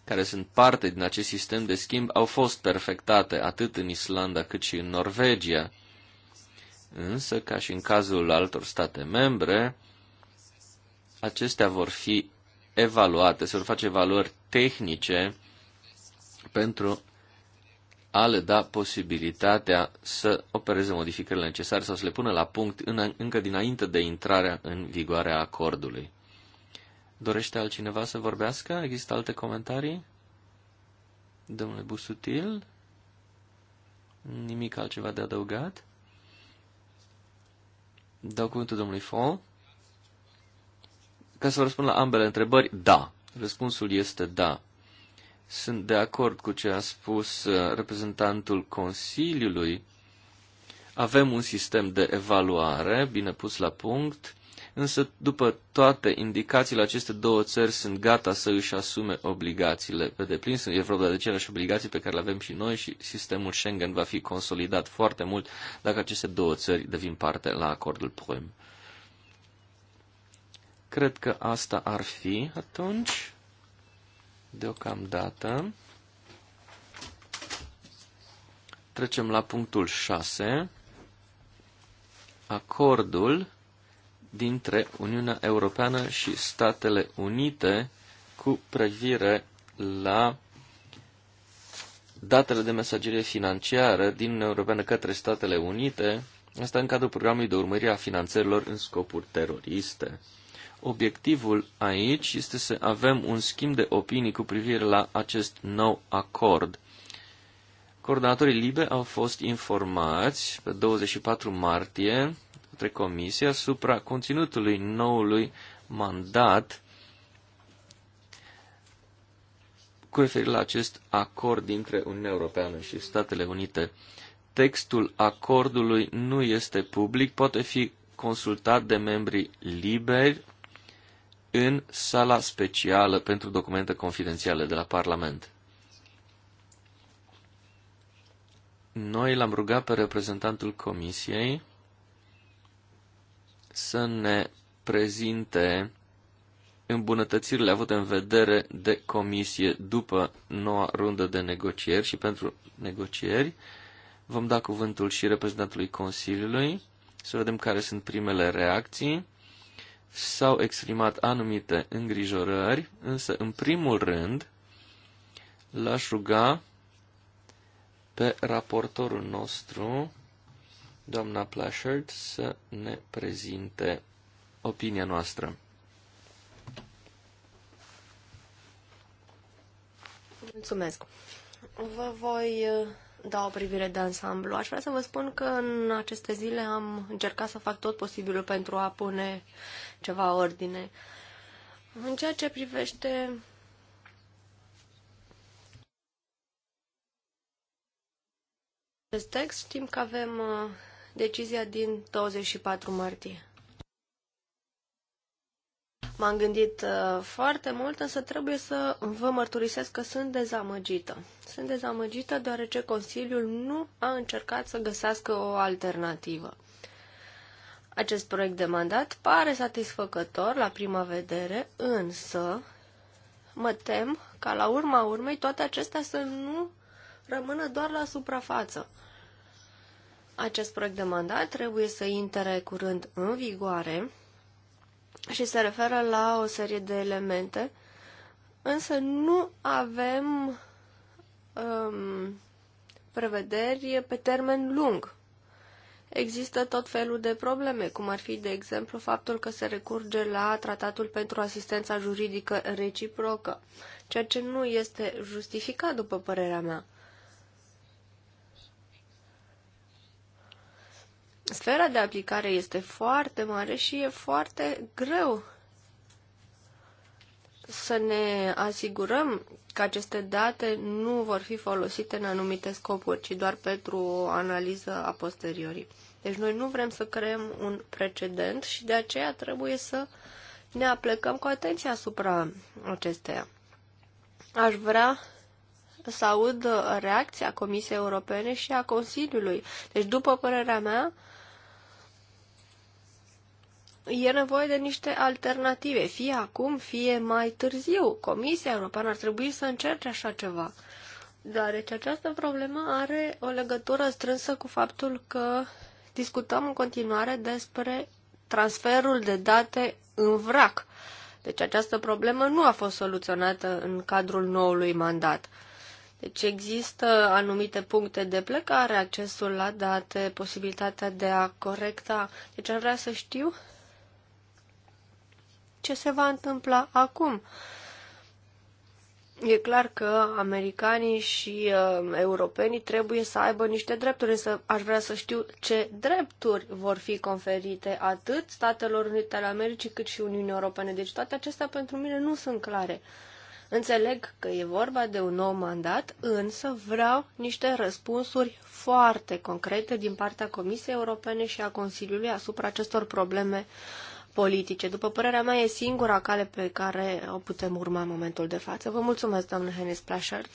care sunt parte din acest sistem de schimb au fost perfectate atât în Islanda cât și în Norvegia. Însă, ca și în cazul altor state membre, acestea vor fi evaluate, se vor face valori tehnice pentru a le da posibilitatea să opereze modificările necesare sau să le pună la punct în, încă dinainte de intrarea în vigoare a acordului. Dorește altcineva să vorbească? Există alte comentarii? Domnule Busutil? Nimic altceva de adăugat? Dau cuvântul domnului Fon. Ca să vă răspund la ambele întrebări, da. Răspunsul este da. Sunt de acord cu ce a spus uh, reprezentantul Consiliului. Avem un sistem de evaluare bine pus la punct însă după toate indicațiile, aceste două țări sunt gata să își asume obligațiile pe deplin. E vorba de aceleași obligații pe care le avem și noi și sistemul Schengen va fi consolidat foarte mult dacă aceste două țări devin parte la acordul PROM. Cred că asta ar fi atunci, deocamdată. Trecem la punctul 6. Acordul dintre Uniunea Europeană și Statele Unite cu privire la datele de mesagerie financiară din Uniunea Europeană către Statele Unite, asta în cadrul programului de urmărire a finanțărilor în scopuri teroriste. Obiectivul aici este să avem un schimb de opinii cu privire la acest nou acord. Coordonatorii LIBE au fost informați pe 24 martie către Comisie asupra conținutului noului mandat cu referire la acest acord dintre Uniunea Europeană și Statele Unite. Textul acordului nu este public, poate fi consultat de membrii liberi în sala specială pentru documente confidențiale de la Parlament. Noi l-am rugat pe reprezentantul Comisiei să ne prezinte îmbunătățirile avute în vedere de comisie după noua rundă de negocieri și pentru negocieri. Vom da cuvântul și reprezentantului Consiliului să vedem care sunt primele reacții. S-au exprimat anumite îngrijorări, însă în primul rând l-aș ruga pe raportorul nostru doamna Plashard să ne prezinte opinia noastră. Mulțumesc. Vă voi uh, da o privire de ansamblu. Aș vrea să vă spun că în aceste zile am încercat să fac tot posibilul pentru a pune ceva ordine. În ceea ce privește acest text, știm că avem uh, decizia din 24 martie. M-am gândit uh, foarte mult, însă trebuie să vă mărturisesc că sunt dezamăgită. Sunt dezamăgită deoarece Consiliul nu a încercat să găsească o alternativă. Acest proiect de mandat pare satisfăcător la prima vedere, însă mă tem ca la urma urmei toate acestea să nu rămână doar la suprafață. Acest proiect de mandat trebuie să intere curând în vigoare și se referă la o serie de elemente, însă nu avem um, prevederi pe termen lung. Există tot felul de probleme, cum ar fi, de exemplu, faptul că se recurge la tratatul pentru asistența juridică reciprocă, ceea ce nu este justificat, după părerea mea. sfera de aplicare este foarte mare și e foarte greu să ne asigurăm că aceste date nu vor fi folosite în anumite scopuri, ci doar pentru o analiză a posteriori. Deci noi nu vrem să creăm un precedent și de aceea trebuie să ne aplecăm cu atenție asupra acesteia. Aș vrea să aud reacția Comisiei Europene și a Consiliului. Deci, după părerea mea, e nevoie de niște alternative, fie acum, fie mai târziu. Comisia Europeană ar trebui să încerce așa ceva, deoarece această problemă are o legătură strânsă cu faptul că discutăm în continuare despre transferul de date în vrac. Deci această problemă nu a fost soluționată în cadrul noului mandat. Deci există anumite puncte de plecare, accesul la date, posibilitatea de a corecta. Deci am vrea să știu ce se va întâmpla acum. E clar că americanii și uh, europenii trebuie să aibă niște drepturi, însă aș vrea să știu ce drepturi vor fi conferite atât Statelor Unite ale Americii cât și Uniunii Europene. Deci toate acestea pentru mine nu sunt clare. Înțeleg că e vorba de un nou mandat, însă vreau niște răspunsuri foarte concrete din partea Comisiei Europene și a Consiliului asupra acestor probleme uh, politice. După părerea mea, e singura cale pe care o putem urma în momentul de față. Vă mulțumesc, doamnă Hennis Plașard.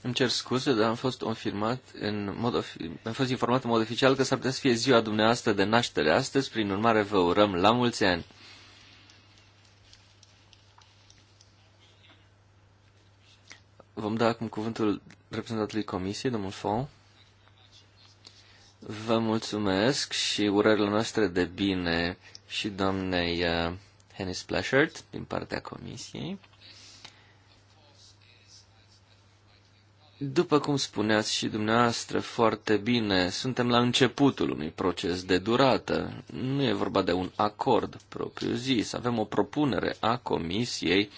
Îmi cer scuze, dar am fost confirmat în mod am fost informat în mod oficial că s-ar putea să fie ziua dumneavoastră de naștere astăzi, prin urmare vă urăm la mulți ani. Vom da acum cuvântul reprezentantului Comisiei, domnul Fon. Vă mulțumesc și urările noastre de bine și doamnei uh, Hennis Plashert din partea comisiei. După cum spuneați și dumneavoastră foarte bine, suntem la începutul unui proces de durată. Nu e vorba de un acord propriu zis. Avem o propunere a Comisiei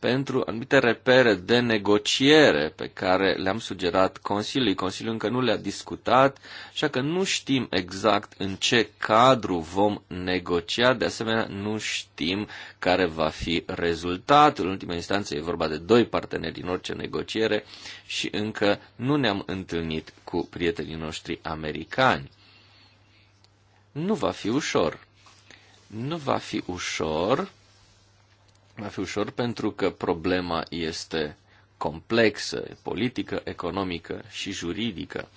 pentru anumite repere de negociere pe care le-am sugerat Consiliului. Consiliul încă nu le-a discutat, așa că nu știm exact în ce cadru vom negocia, de asemenea nu știm care va fi rezultatul. În ultima instanță e vorba de doi parteneri din orice negociere și încă nu ne-am întâlnit cu prietenii noștri americani. Nu va fi ușor. Nu va fi ușor Va fi ușor pentru că problema este complexă, politică, economică și juridică.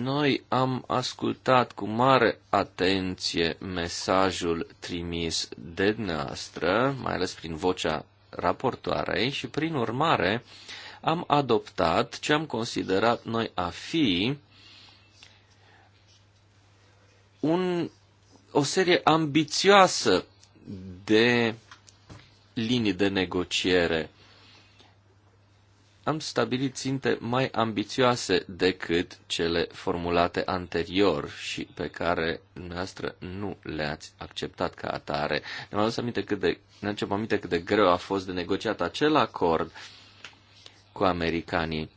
Noi am ascultat cu mare atenție mesajul trimis de dumneavoastră, mai ales prin vocea raportoarei și prin urmare am adoptat ce am considerat noi a fi un o serie ambițioasă de linii de negociere. Am stabilit ținte mai ambițioase decât cele formulate anterior și pe care dumneavoastră nu le-ați acceptat ca atare. Ne-am adus aminte cât de, ne am aminte cât de greu a fost de negociat acel acord cu americanii.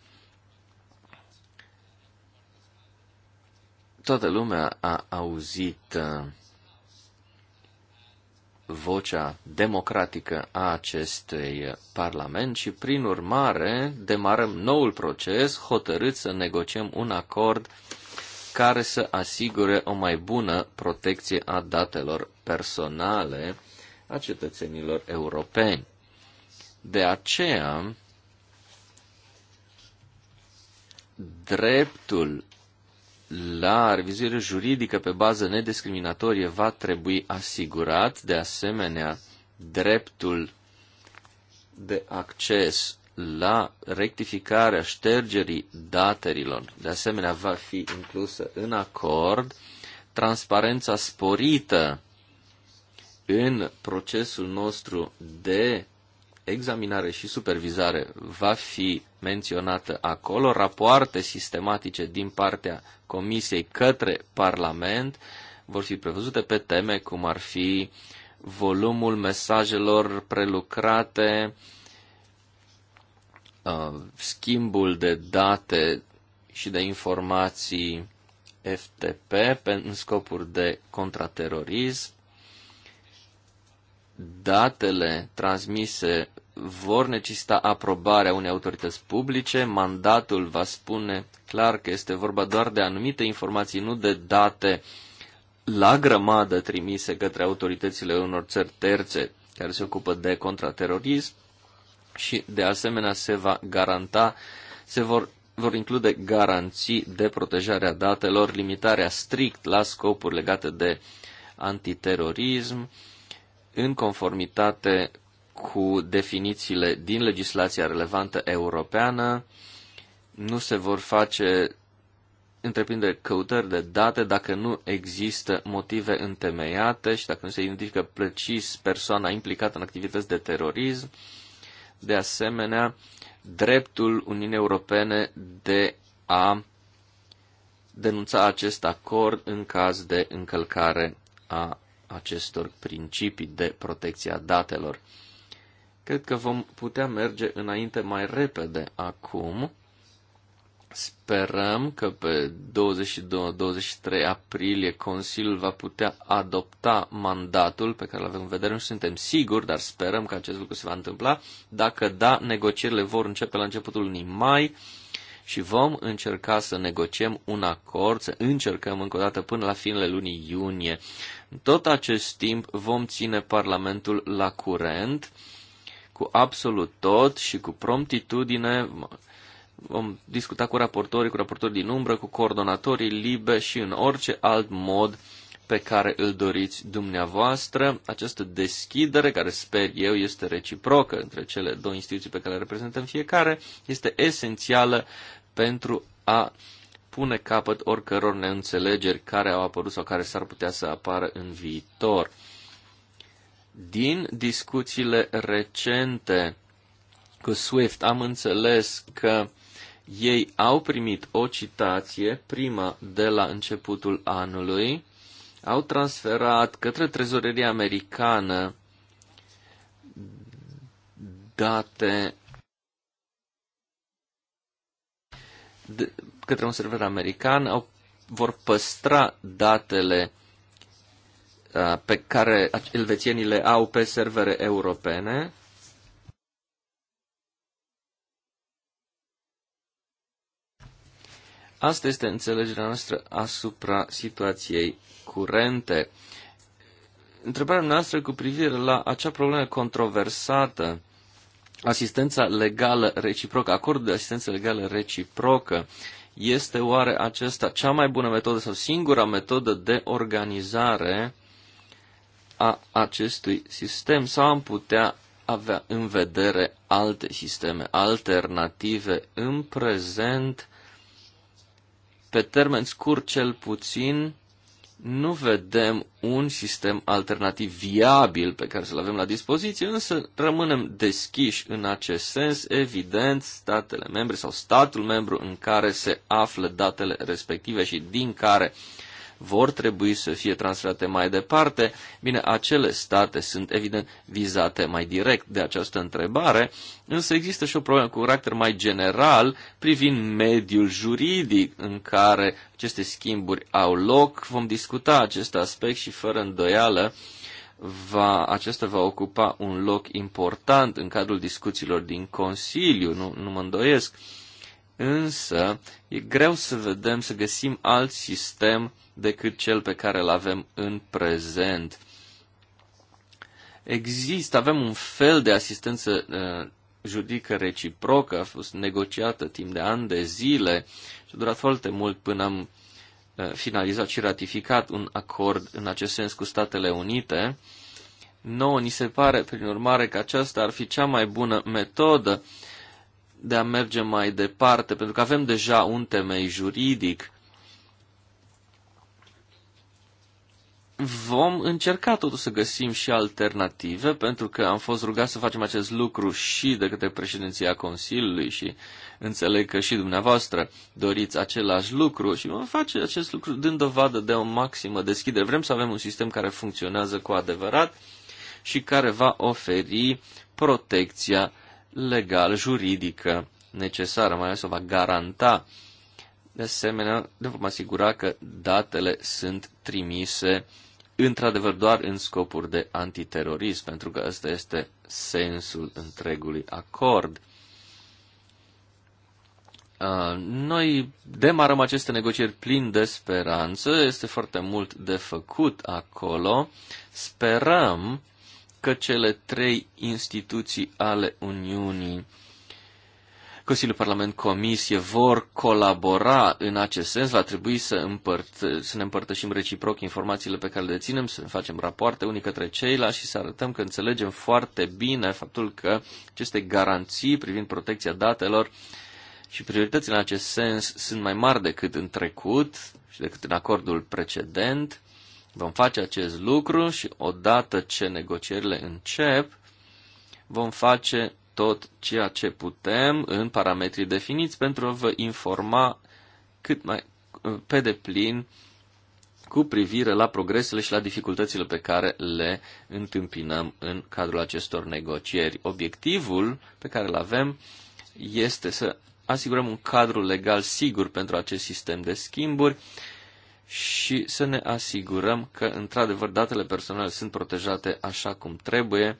Toată lumea a auzit uh, vocea democratică a acestui Parlament și, prin urmare, demarăm noul proces hotărât să negociem un acord care să asigure o mai bună protecție a datelor personale a cetățenilor europeni. De aceea, dreptul la viziune juridică pe bază nediscriminatorie va trebui asigurat, de asemenea, dreptul de acces la rectificarea ștergerii daterilor. De asemenea, va fi inclusă în acord transparența sporită în procesul nostru de examinare și supervizare va fi menționată acolo, rapoarte sistematice din partea Comisiei către Parlament vor fi prevăzute pe teme cum ar fi volumul mesajelor prelucrate, uh, schimbul de date și de informații FTP în scopuri de contraterorism, datele transmise vor necesita aprobarea unei autorități publice. Mandatul va spune clar că este vorba doar de anumite informații, nu de date la grămadă trimise către autoritățile unor țări terțe care se ocupă de contraterorism și de asemenea se va garanta, se vor, vor include garanții de protejare a datelor, limitarea strict la scopuri legate de antiterorism, în conformitate cu definițiile din legislația relevantă europeană, nu se vor face întreprinde căutări de date dacă nu există motive întemeiate și dacă nu se identifică precis persoana implicată în activități de terorism. De asemenea, dreptul Uniunii Europene de a denunța acest acord în caz de încălcare a acestor principii de protecție a datelor. Cred că vom putea merge înainte mai repede acum. Sperăm că pe 22-23 aprilie Consiliul va putea adopta mandatul pe care îl avem în vedere. Nu suntem siguri, dar sperăm că acest lucru se va întâmpla. Dacă da, negocierile vor începe la începutul lunii mai și vom încerca să negociem un acord, să încercăm încă o dată până la finele lunii iunie. În tot acest timp vom ține Parlamentul la curent cu absolut tot și cu promptitudine. Vom discuta cu raportorii, cu raportorii din umbră, cu coordonatorii libe și în orice alt mod pe care îl doriți dumneavoastră. Această deschidere, care sper eu este reciprocă între cele două instituții pe care le reprezentăm fiecare, este esențială pentru a pune capăt oricăror neînțelegeri care au apărut sau care s-ar putea să apară în viitor. Din discuțiile recente cu SWIFT am înțeles că ei au primit o citație, prima de la începutul anului, au transferat către trezoreria americană date de, către un server american, au, vor păstra datele Uh, pe care elvețienii le au pe servere europene. Asta este înțelegerea noastră asupra situației curente. Întrebarea noastră cu privire la acea problemă controversată, asistența legală reciprocă, acordul de asistență legală reciprocă, este oare acesta cea mai bună metodă sau singura metodă de organizare a acestui sistem sau am putea avea în vedere alte sisteme alternative în prezent, pe termen scurt cel puțin, nu vedem un sistem alternativ viabil pe care să-l avem la dispoziție, însă rămânem deschiși în acest sens, evident, statele membre sau statul membru în care se află datele respective și din care uh, vor trebui să fie transferate mai departe, bine, acele state sunt evident vizate mai direct de această întrebare, însă există și o problemă cu caracter mai general privind mediul juridic în care aceste schimburi au loc. Vom discuta acest aspect și fără îndoială va, acesta va ocupa un loc important în cadrul discuțiilor din Consiliu, nu, nu mă îndoiesc însă e greu să vedem, să găsim alt sistem decât cel pe care îl avem în prezent. Există, avem un fel de asistență uh, judică reciprocă, a fost negociată timp de ani de zile și a durat foarte mult până am uh, finalizat și ratificat un acord în acest sens cu Statele Unite. Nouă ni se pare, prin urmare, că aceasta ar fi cea mai bună metodă uh, de a merge mai departe, pentru că avem deja un temei juridic. Vom încerca totuși să găsim și alternative, pentru că am fost rugat să facem acest lucru și de către președinția Consiliului și înțeleg că și dumneavoastră doriți același lucru și vom face acest lucru dând dovadă de o maximă deschidere. Vrem să avem un sistem care funcționează cu adevărat și care va oferi protecția legală, juridică necesară, mai ales o va garanta. De asemenea, ne vom asigura că datele sunt trimise într-adevăr doar în scopuri de antiterorism, pentru că ăsta este sensul întregului acord. Noi demarăm aceste negocieri plin de speranță, este foarte mult de făcut acolo. Sperăm că cele trei instituții ale Uniunii, Consiliul Parlament, Comisie, vor colabora în acest sens. Va trebui să, împărt, să ne împărtășim reciproc informațiile pe care le deținem, să facem rapoarte unii către ceilalți și să arătăm că înțelegem foarte bine faptul că aceste garanții privind protecția datelor și prioritățile în acest sens sunt mai mari decât în trecut și decât în acordul precedent Vom face acest lucru și odată ce negocierile încep, vom face tot ceea ce putem în parametrii definiți pentru a vă informa cât mai pe deplin cu privire la progresele și la dificultățile pe care le întâmpinăm în cadrul acestor negocieri. Obiectivul pe care îl avem este să asigurăm un cadru legal sigur pentru acest sistem de schimburi și să ne asigurăm că, într-adevăr, datele personale sunt protejate așa cum trebuie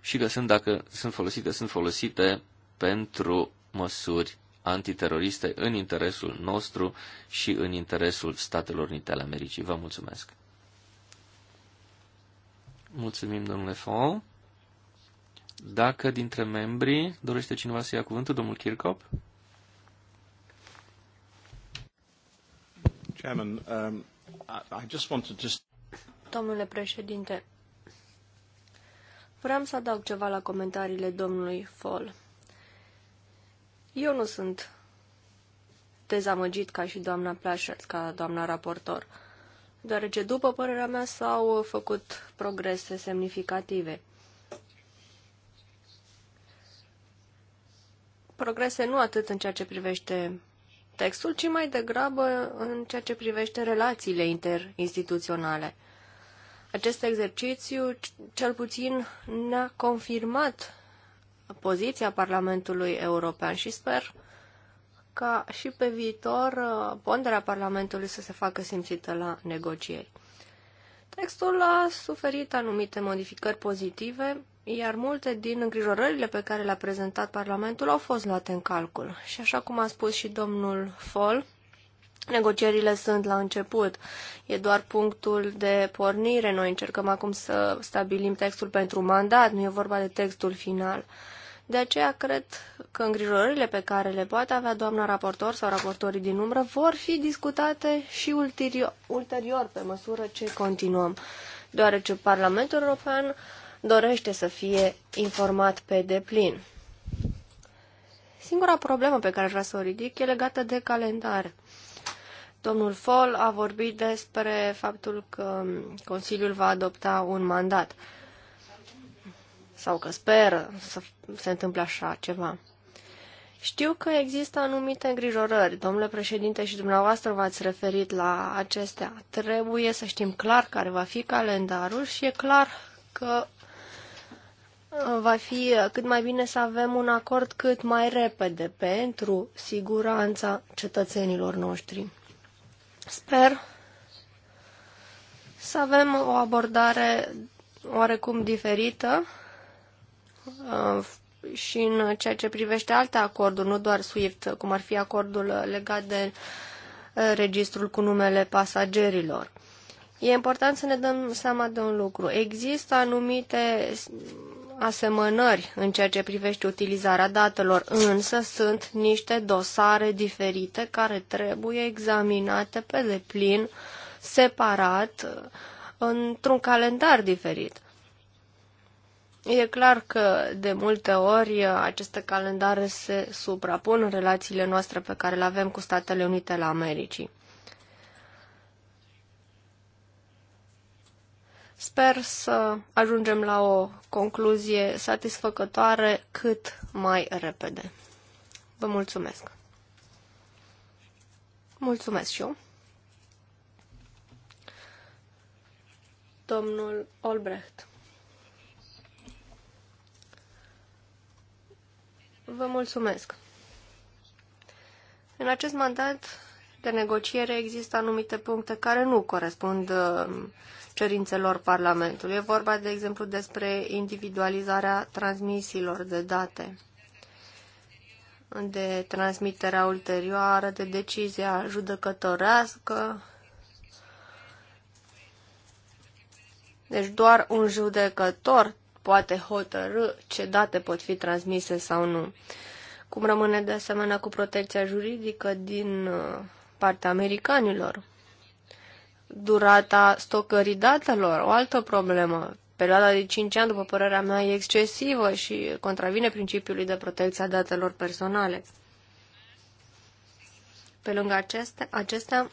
și că sunt, dacă sunt folosite, sunt folosite pentru măsuri antiteroriste în interesul nostru și în interesul Statelor Unite ale Americii. Vă mulțumesc! Mulțumim, domnule Fall. Dacă dintre membri dorește cineva să ia cuvântul, domnul Kirchhoff? Chairman, um, I, I just wanted to... Domnule președinte, vreau să adaug ceva la comentariile domnului Fall. Eu nu sunt dezamăgit ca și doamna Plașert, ca doamna raportor, deoarece, după părerea mea, s-au făcut progrese semnificative. Progrese nu atât în ceea ce privește textul, ci mai degrabă în ceea ce privește relațiile interinstituționale. Acest exercițiu, cel puțin, ne-a confirmat poziția Parlamentului European și sper ca și pe viitor uh, ponderea Parlamentului să se facă simțită la negocieri. Textul a suferit anumite modificări pozitive, iar multe din îngrijorările pe care le-a prezentat Parlamentul au fost luate în calcul. Și așa cum a spus și domnul Fol, negocierile sunt la început. E doar punctul de pornire. Noi încercăm acum să stabilim textul pentru mandat, nu e vorba de textul final. De aceea cred că îngrijorările pe care le poate avea doamna raportor sau raportorii din umbră vor fi discutate și ulterior, ulterior pe măsură ce continuăm, deoarece Parlamentul European dorește să fie informat pe deplin. Singura problemă pe care aș vrea să o ridic e legată de calendar. Domnul Fol a vorbit despre faptul că Consiliul va adopta un mandat sau că speră să se întâmple așa ceva. Știu că există anumite îngrijorări. Domnule președinte și dumneavoastră v-ați referit la acestea. Trebuie să știm clar care va fi calendarul și e clar că va fi cât mai bine să avem un acord cât mai repede pentru siguranța cetățenilor noștri. Sper să avem o abordare oarecum diferită uh, și în ceea ce privește alte acorduri, nu doar SWIFT, cum ar fi acordul legat de uh, registrul cu numele pasagerilor. E important să ne dăm seama de un lucru. Există anumite asemănări în ceea ce privește utilizarea datelor, însă sunt niște dosare diferite care trebuie examinate pe deplin, separat, într-un calendar diferit. E clar că de multe ori aceste calendare se suprapun în relațiile noastre pe care le avem cu Statele Unite ale Americii. Sper să ajungem la o concluzie satisfăcătoare cât mai repede. Vă mulțumesc! Mulțumesc și eu! Domnul Olbrecht. Vă mulțumesc! În acest mandat de negociere există anumite puncte care nu corespund uh, cerințelor Parlamentului. E vorba, de exemplu, despre individualizarea transmisiilor de date, de transmiterea ulterioară, de decizia judecătorească. Deci doar un judecător poate hotărâ ce date pot fi transmise sau nu. Cum rămâne de asemenea cu protecția juridică din uh, partea americanilor? durata stocării datelor, o altă problemă. Perioada de 5 ani, după părerea mea, e excesivă și contravine principiului de protecție a datelor personale. Pe lângă aceste, acestea,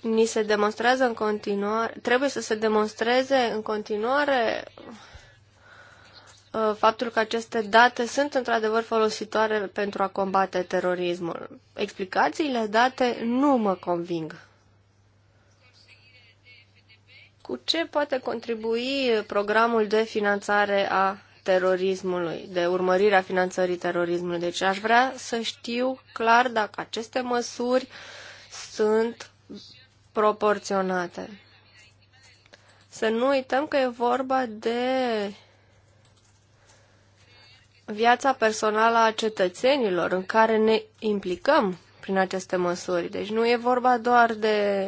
ni se demonstrează în continuare, trebuie să se demonstreze în continuare Uh, faptul că aceste date sunt într-adevăr folositoare pentru a combate terorismul. Explicațiile date nu mă conving. Cu ce poate contribui programul de finanțare a terorismului, de a finanțării terorismului? Deci aș vrea să știu clar dacă aceste măsuri sunt proporționate. Să nu uităm că e vorba de viața personală a cetățenilor în care ne implicăm prin aceste măsuri. Deci nu e vorba doar de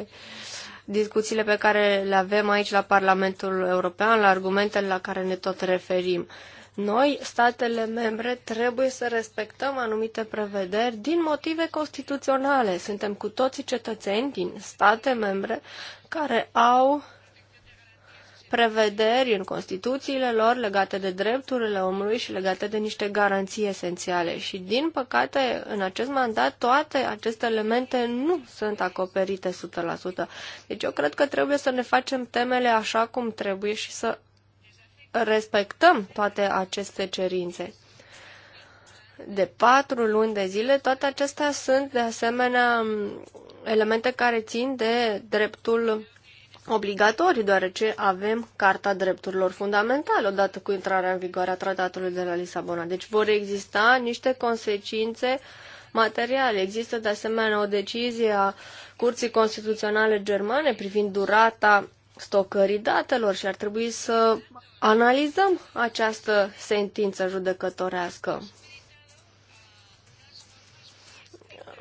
discuțiile pe care le avem aici la Parlamentul European, la argumentele la care ne tot referim. Noi, statele membre, trebuie să respectăm anumite prevederi din motive constituționale. Suntem cu toții cetățeni din state membre care au prevederi în Constituțiile lor legate de drepturile omului și legate de niște garanții esențiale. Și, din păcate, în acest mandat, toate aceste elemente nu sunt acoperite 100%. Deci eu cred că trebuie să ne facem temele așa cum trebuie și să respectăm toate aceste cerințe. De patru luni de zile, toate acestea sunt, de asemenea, elemente care țin de dreptul obligatoriu, deoarece avem Carta Drepturilor Fundamentale odată cu intrarea în vigoare a Tratatului de la Lisabona. Deci vor exista niște consecințe materiale. Există de asemenea o decizie a Curții Constituționale Germane privind durata stocării datelor și ar trebui să analizăm această sentință judecătorească.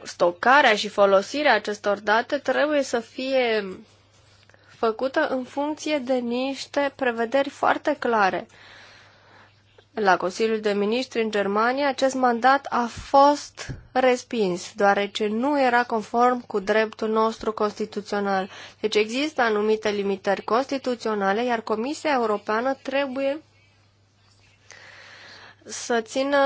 Stocarea și folosirea acestor date trebuie să fie făcută în funcție de niște prevederi foarte clare. La Consiliul de Ministri în Germania, acest mandat a fost respins, deoarece nu era conform cu dreptul nostru constituțional. Deci există anumite limitări constituționale, iar Comisia Europeană trebuie să țină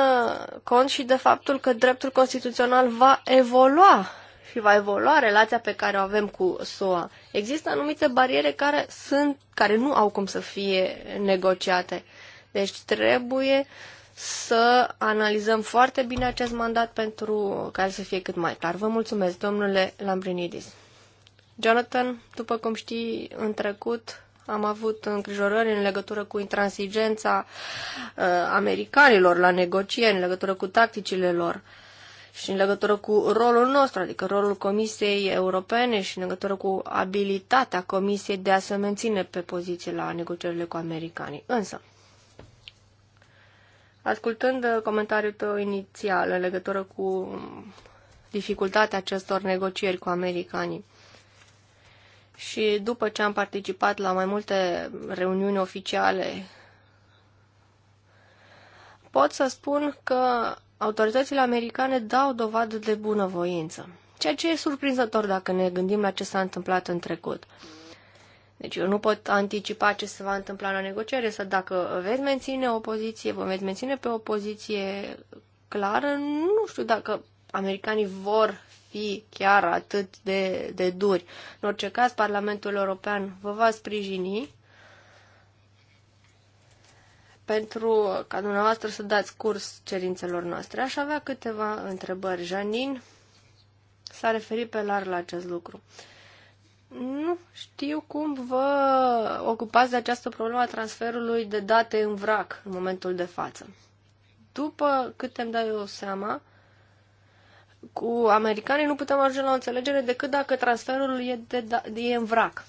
cont și de faptul că dreptul constituțional va evolua și va evolua relația pe care o avem cu soa. Există anumite bariere care, sunt, care nu au cum să fie negociate. Deci trebuie să analizăm foarte bine acest mandat pentru ca să fie cât mai clar. Vă mulțumesc, domnule Lambrinidis. Jonathan, după cum știi, în trecut am avut îngrijorări în legătură cu intransigența uh, americanilor la negocieri, în legătură cu tacticile lor. Uh, și în legătură cu rolul nostru, adică rolul Comisiei Europene și în legătură cu abilitatea Comisiei de a se menține pe poziție la negocierile cu americanii. Însă, ascultând comentariul tău inițial în legătură cu dificultatea acestor negocieri cu americanii, și după ce am participat la mai multe reuniuni oficiale, pot să spun că autoritățile americane dau dovadă de bunăvoință, ceea ce e surprinzător dacă ne gândim la ce s-a întâmplat în trecut. Deci eu nu pot anticipa ce se va întâmpla la negociere, să dacă veți menține o poziție, vă veți menține pe o poziție clară, nu știu dacă americanii vor fi chiar atât de, de duri. În orice caz, Parlamentul European vă va sprijini pentru ca dumneavoastră să dați curs cerințelor noastre. Aș avea câteva întrebări. Janin s-a referit pe lar la acest lucru. Nu știu cum vă ocupați de această problemă a transferului de date în vrac în momentul de față. După cât îmi dau eu seama, cu americanii nu putem ajunge la o înțelegere decât dacă transferul e, de da- e în vrac.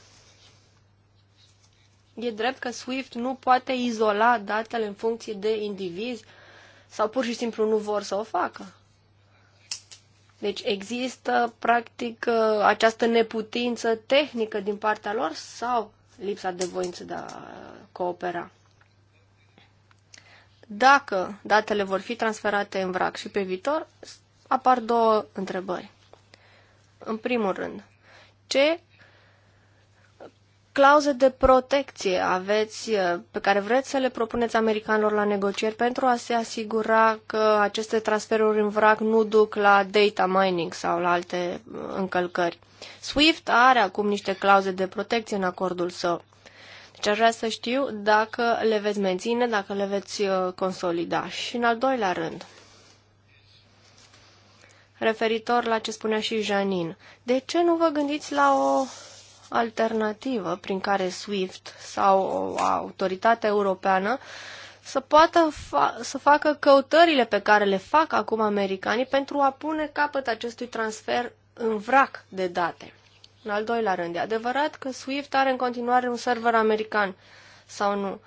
E drept că SWIFT nu poate izola datele în funcție de indivizi sau pur și simplu nu vor să o facă. Deci există, practic, uh, această neputință tehnică din partea lor sau lipsa de voință de a coopera. Dacă datele vor fi transferate în vrac și pe viitor, apar două întrebări. În primul rând, ce clauze de protecție aveți eh, pe care vreți să le propuneți americanilor la negocieri pentru a se asigura că aceste transferuri în vrac nu duc la data mining sau la alte eh, încălcări? SWIFT are acum niște clauze de protecție în acordul său. Deci aș vrea să știu dacă le veți menține, dacă le veți eh, consolida. Și în al doilea rând, referitor la ce spunea și Janin, de ce nu vă gândiți la o alternativă prin care SWIFT sau o autoritate europeană să poată fa- să facă căutările pe care le fac acum americanii pentru a pune capăt acestui transfer în vrac de date. În al doilea rând, e adevărat că SWIFT are în continuare un server american sau nu?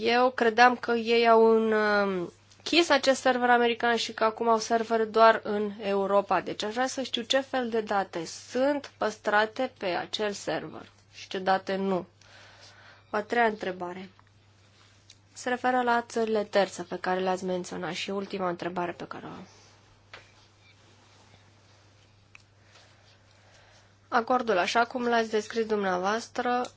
Eu credeam că ei au un um, închis acest server american și că acum au server doar în Europa. Deci aș vrea să știu ce fel de date sunt păstrate pe acel server și ce date nu. O a treia întrebare se referă la țările terțe pe care le-ați menționat și ultima întrebare pe care o am. Acordul, așa cum l-ați descris dumneavoastră,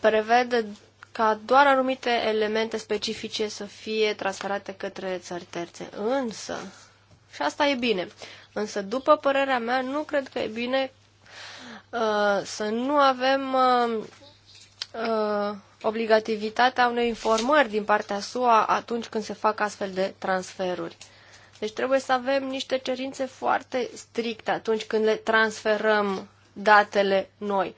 prevede ca doar anumite elemente specifice să fie transferate către țări terțe. Însă, și asta e bine, însă după părerea mea nu cred că e bine uh, să nu avem uh, uh, obligativitatea unei informări din partea SUA atunci când se fac astfel de transferuri. Deci trebuie să avem niște cerințe foarte stricte atunci când le transferăm datele noi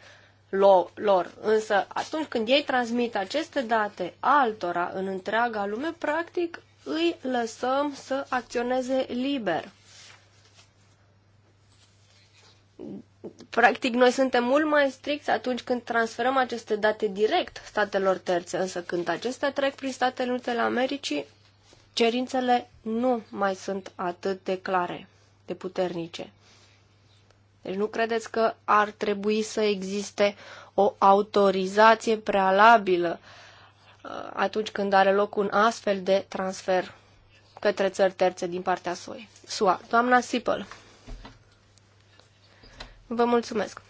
lor. Însă atunci când ei transmit aceste date altora în întreaga lume, practic îi lăsăm să acționeze liber. Practic, noi suntem mult mai stricți atunci când transferăm aceste date direct statelor terțe, însă când acestea trec prin Statele Unite ale Americii, cerințele nu mai sunt atât de clare, de puternice. Deci nu credeți că ar trebui să existe o autorizație prealabilă uh, atunci când are loc un astfel de transfer către țări terțe din partea SUA. Doamna Sipăl, Vă mulțumesc.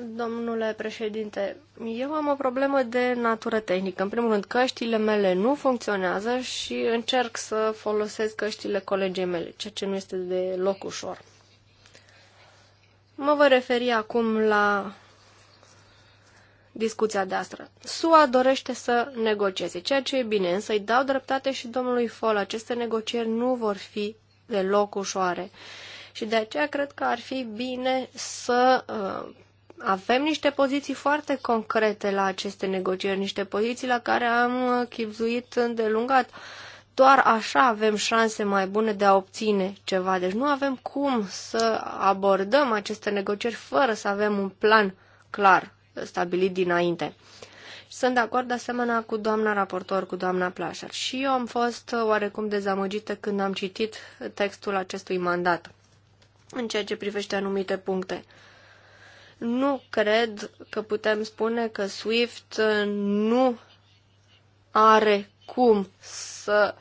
Domnule președinte, eu am o problemă de natură tehnică. În primul rând, căștile mele nu funcționează și încerc să folosesc căștile colegii mele, ceea ce nu este deloc ușor. Mă voi referi acum la discuția de astră. SUA dorește să negocieze, ceea ce e bine, însă îi dau dreptate și domnului Fol. Aceste negocieri nu vor fi deloc ușoare. Și de aceea cred că ar fi bine să uh, avem niște poziții foarte concrete la aceste negocieri, niște poziții la care am chipzuit îndelungat. Doar așa avem șanse mai bune de a obține ceva. Deci nu avem cum să abordăm aceste negocieri fără să avem un plan clar stabilit dinainte. Sunt de acord de asemenea cu doamna raportor, cu doamna Plașar. Și eu am fost oarecum dezamăgită când am citit textul acestui mandat în ceea ce privește anumite puncte. Nu cred că putem spune că SWIFT nu are cum să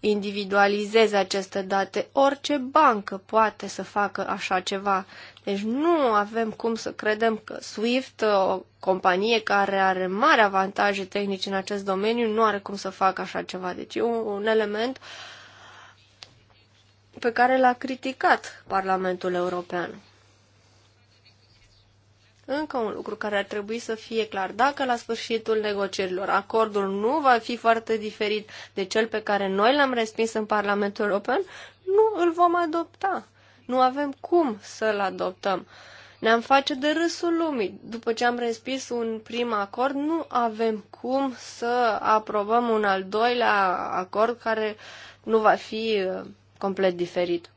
individualizeze aceste date. Orice bancă poate să facă așa ceva. Deci nu avem cum să credem că SWIFT, o companie care are mari avantaje tehnice în acest domeniu, nu are cum să facă așa ceva. Deci e un, un element pe care l-a criticat Parlamentul European. Încă un lucru care ar trebui să fie clar. Dacă la sfârșitul negocierilor acordul nu va fi foarte diferit de cel pe care noi l-am respins în Parlamentul European, nu îl vom adopta. Nu avem cum să-l adoptăm. Ne-am face de râsul lumii. După ce am respins un prim acord, nu avem cum să aprobăm un al doilea acord care nu va fi uh, complet diferit.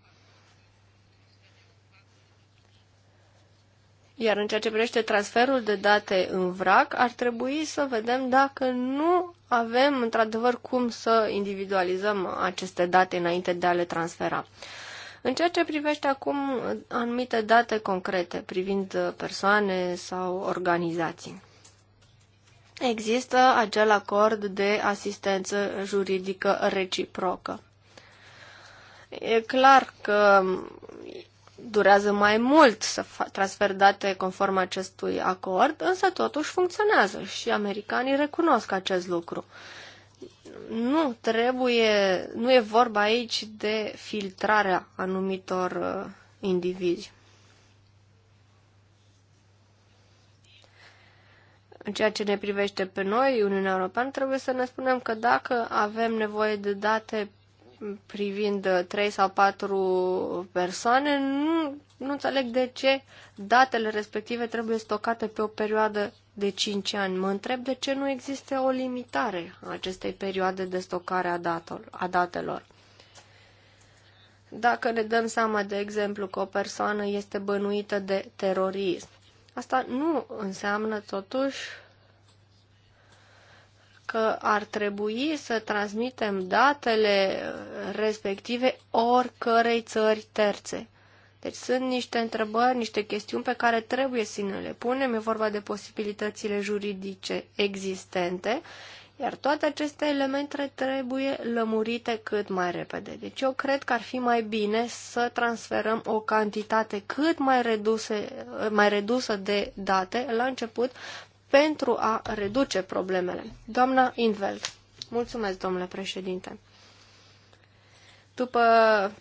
Iar în ceea ce privește transferul de date în vrac, ar trebui să vedem dacă nu avem într-adevăr cum să individualizăm aceste date înainte de a le transfera. În ceea ce privește acum anumite date concrete privind persoane sau organizații. Există acel acord de asistență juridică reciprocă. E clar că durează mai mult să transfer date conform acestui acord, însă totuși funcționează și americanii recunosc acest lucru. Nu trebuie, nu e vorba aici de filtrarea anumitor uh, indivizi. În ceea ce ne privește pe noi, Uniunea Europeană, trebuie să ne spunem că dacă avem nevoie de date privind uh, trei sau patru persoane, nu, nu înțeleg de ce datele respective trebuie stocate pe o perioadă de 5 ani. Mă întreb de ce nu există o limitare a acestei perioade de stocare a, a datelor. Dacă ne dăm seama, de exemplu, că o persoană este bănuită de terorism, asta nu înseamnă totuși că ar trebui să transmitem datele respective oricărei țări terțe. Deci sunt niște întrebări, niște chestiuni pe care trebuie să ne le punem. E vorba de posibilitățile juridice existente, iar toate aceste elemente trebuie lămurite cât mai repede. Deci eu cred că ar fi mai bine să transferăm o cantitate cât mai, reduse, mai redusă de date la început pentru a reduce problemele. Doamna Inveld. Mulțumesc, domnule președinte. După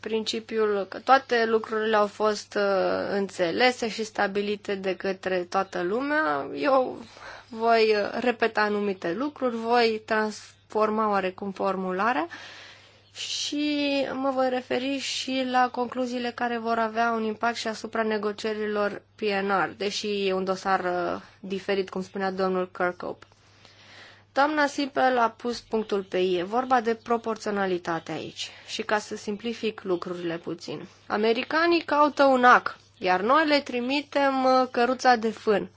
principiul că toate lucrurile au fost uh, înțelese și stabilite de către toată lumea, eu voi uh, repeta anumite lucruri, voi transforma oarecum formularea și mă voi referi și la concluziile care vor avea un impact și asupra negocierilor PNR, deși e un dosar uh, diferit, cum spunea domnul Kirkhope. Doamna Simpel a pus punctul pe ei. E vorba de proporționalitate aici. Și ca să simplific lucrurile puțin. Americanii caută un ac, iar noi le trimitem uh, căruța de fân.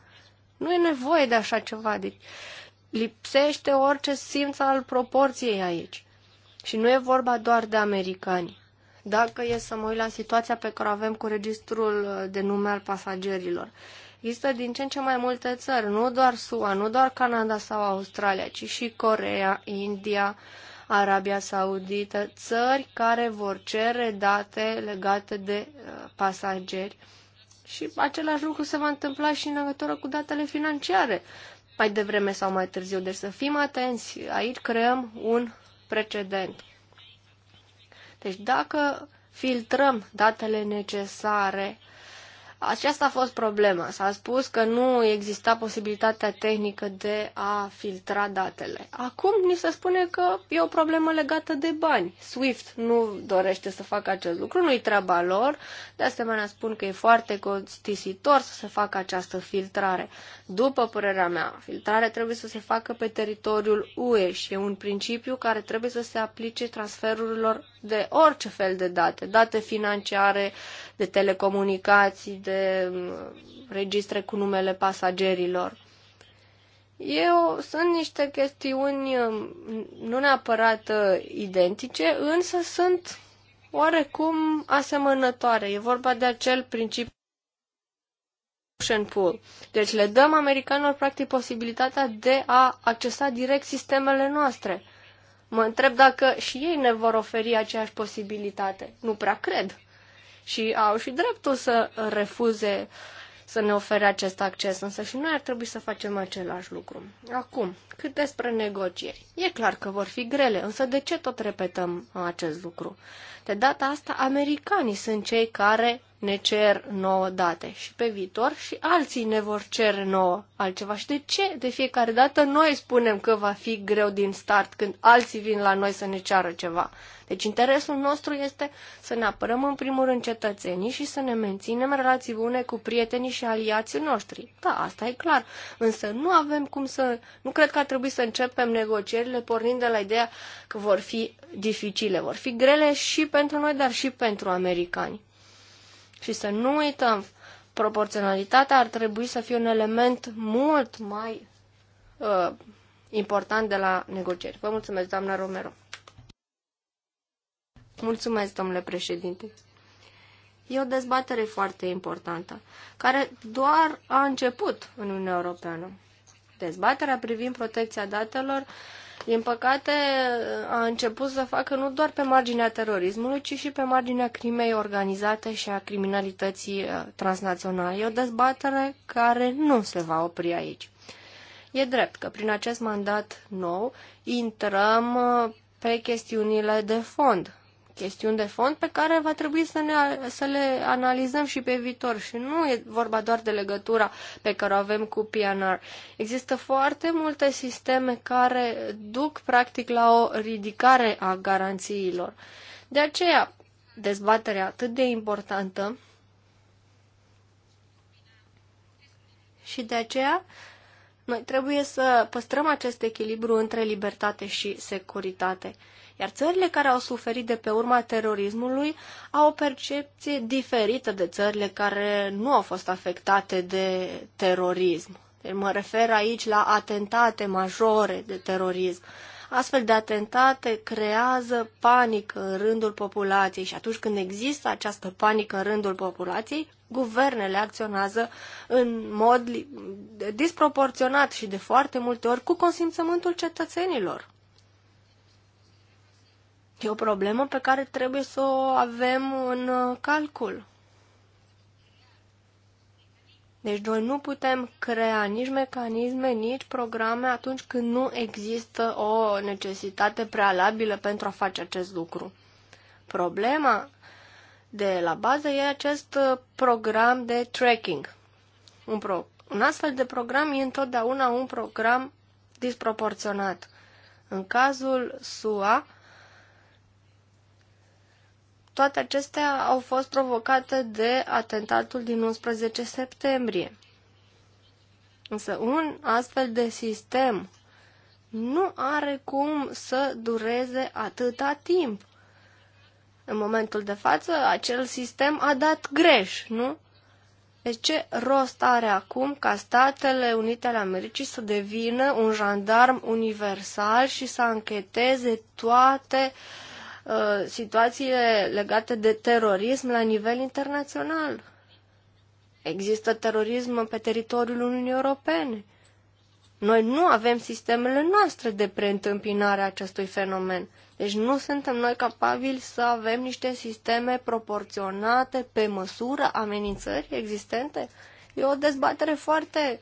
Nu e nevoie de așa ceva. Deci, lipsește orice simț al proporției aici. Și nu e vorba doar de americani. Dacă e să mă uit la situația pe care o avem cu registrul de nume al pasagerilor, există din ce în ce mai multe țări, nu doar SUA, nu doar Canada sau Australia, ci și Corea, India, Arabia Saudită, țări care vor cere date legate de uh, pasageri. Și același lucru se va întâmpla și în legătură cu datele financiare, mai devreme sau mai târziu. Deci să fim atenți, aici creăm un precedent. Deci dacă filtrăm datele necesare aceasta a fost problema. S-a spus că nu exista posibilitatea tehnică de a filtra datele. Acum ni se spune că e o problemă legată de bani. SWIFT nu dorește să facă acest lucru, nu-i treaba lor. De asemenea, spun că e foarte costisitor să se facă această filtrare. După părerea mea, filtrarea trebuie să se facă pe teritoriul UE și e un principiu care trebuie să se aplice transferurilor de orice fel de date, date financiare, de telecomunicații, de mm, registre cu numele pasagerilor. Eu sunt niște chestiuni mm, nu neapărat uh, identice, însă sunt oarecum asemănătoare. E vorba de acel principiu pool. Deci le dăm americanilor practic posibilitatea de a accesa direct sistemele noastre. Mă întreb dacă și ei ne vor oferi aceeași posibilitate. Nu prea cred. Și au și dreptul să refuze să ne ofere acest acces, însă și noi ar trebui să facem același lucru. Acum, cât despre negocieri. E clar că vor fi grele, însă de ce tot repetăm acest lucru? De data asta, americanii sunt cei care ne cer nouă date și pe viitor și alții ne vor cere nouă altceva. Și de ce de fiecare dată noi spunem că va fi greu din start când alții vin la noi să ne ceară ceva? Deci interesul nostru este să ne apărăm în primul rând cetățenii și să ne menținem relații bune cu prietenii și aliații noștri. Da, asta e clar. Însă nu avem cum să... Nu cred că ar trebui să începem negocierile pornind de la ideea că vor fi dificile, vor fi grele și pentru noi, dar și pentru americani. Și să nu uităm, proporționalitatea ar trebui să fie un element mult mai uh, important de la negocieri. Vă mulțumesc, doamna Romero. Mulțumesc, domnule președinte. E o dezbatere foarte importantă, care doar a început în Uniunea Europeană. Dezbaterea privind protecția datelor uh, din păcate, a început să facă nu doar pe marginea terorismului, ci și pe marginea crimei organizate și a criminalității uh, transnaționale. E o dezbatere care nu se va opri aici. E drept că prin acest mandat nou intrăm uh, pe chestiunile de fond chestiuni de fond pe care va trebui să, ne, să le analizăm și pe viitor. Și nu e vorba doar de legătura pe care o avem cu PNR. Există foarte multe sisteme care duc practic la o ridicare a garanțiilor. De aceea, dezbaterea atât de importantă și de aceea noi trebuie să păstrăm acest echilibru între libertate și securitate. Iar țările care au suferit de pe urma terorismului au o percepție diferită de țările care nu au fost afectate de terorism. Deci mă refer aici la atentate majore de terorism. Astfel de atentate creează panică în rândul populației și atunci când există această panică în rândul populației, guvernele acționează în mod disproporționat și de foarte multe ori cu consimțământul cetățenilor. E o problemă pe care trebuie să o avem în uh, calcul. Deci noi nu putem crea nici mecanisme, nici programe atunci când nu există o necesitate prealabilă pentru a face acest lucru. Problema de la bază e acest uh, program de tracking. Un, pro- un astfel de program e întotdeauna un program disproporționat. În cazul SUA, toate acestea au fost provocate de atentatul din 11 septembrie. Însă un astfel de sistem nu are cum să dureze atâta timp. În momentul de față, acel sistem a dat greș, nu? Deci ce rost are acum ca Statele Unite ale Americii să devină un jandarm universal și să ancheteze toate uh, Uh, situațiile legate de terorism la nivel internațional. Există terorism pe teritoriul Uniunii Europene. Noi nu avem sistemele noastre de preîntâmpinare a acestui fenomen. Deci nu suntem noi capabili să avem niște sisteme proporționate pe măsură amenințării existente? E o dezbatere foarte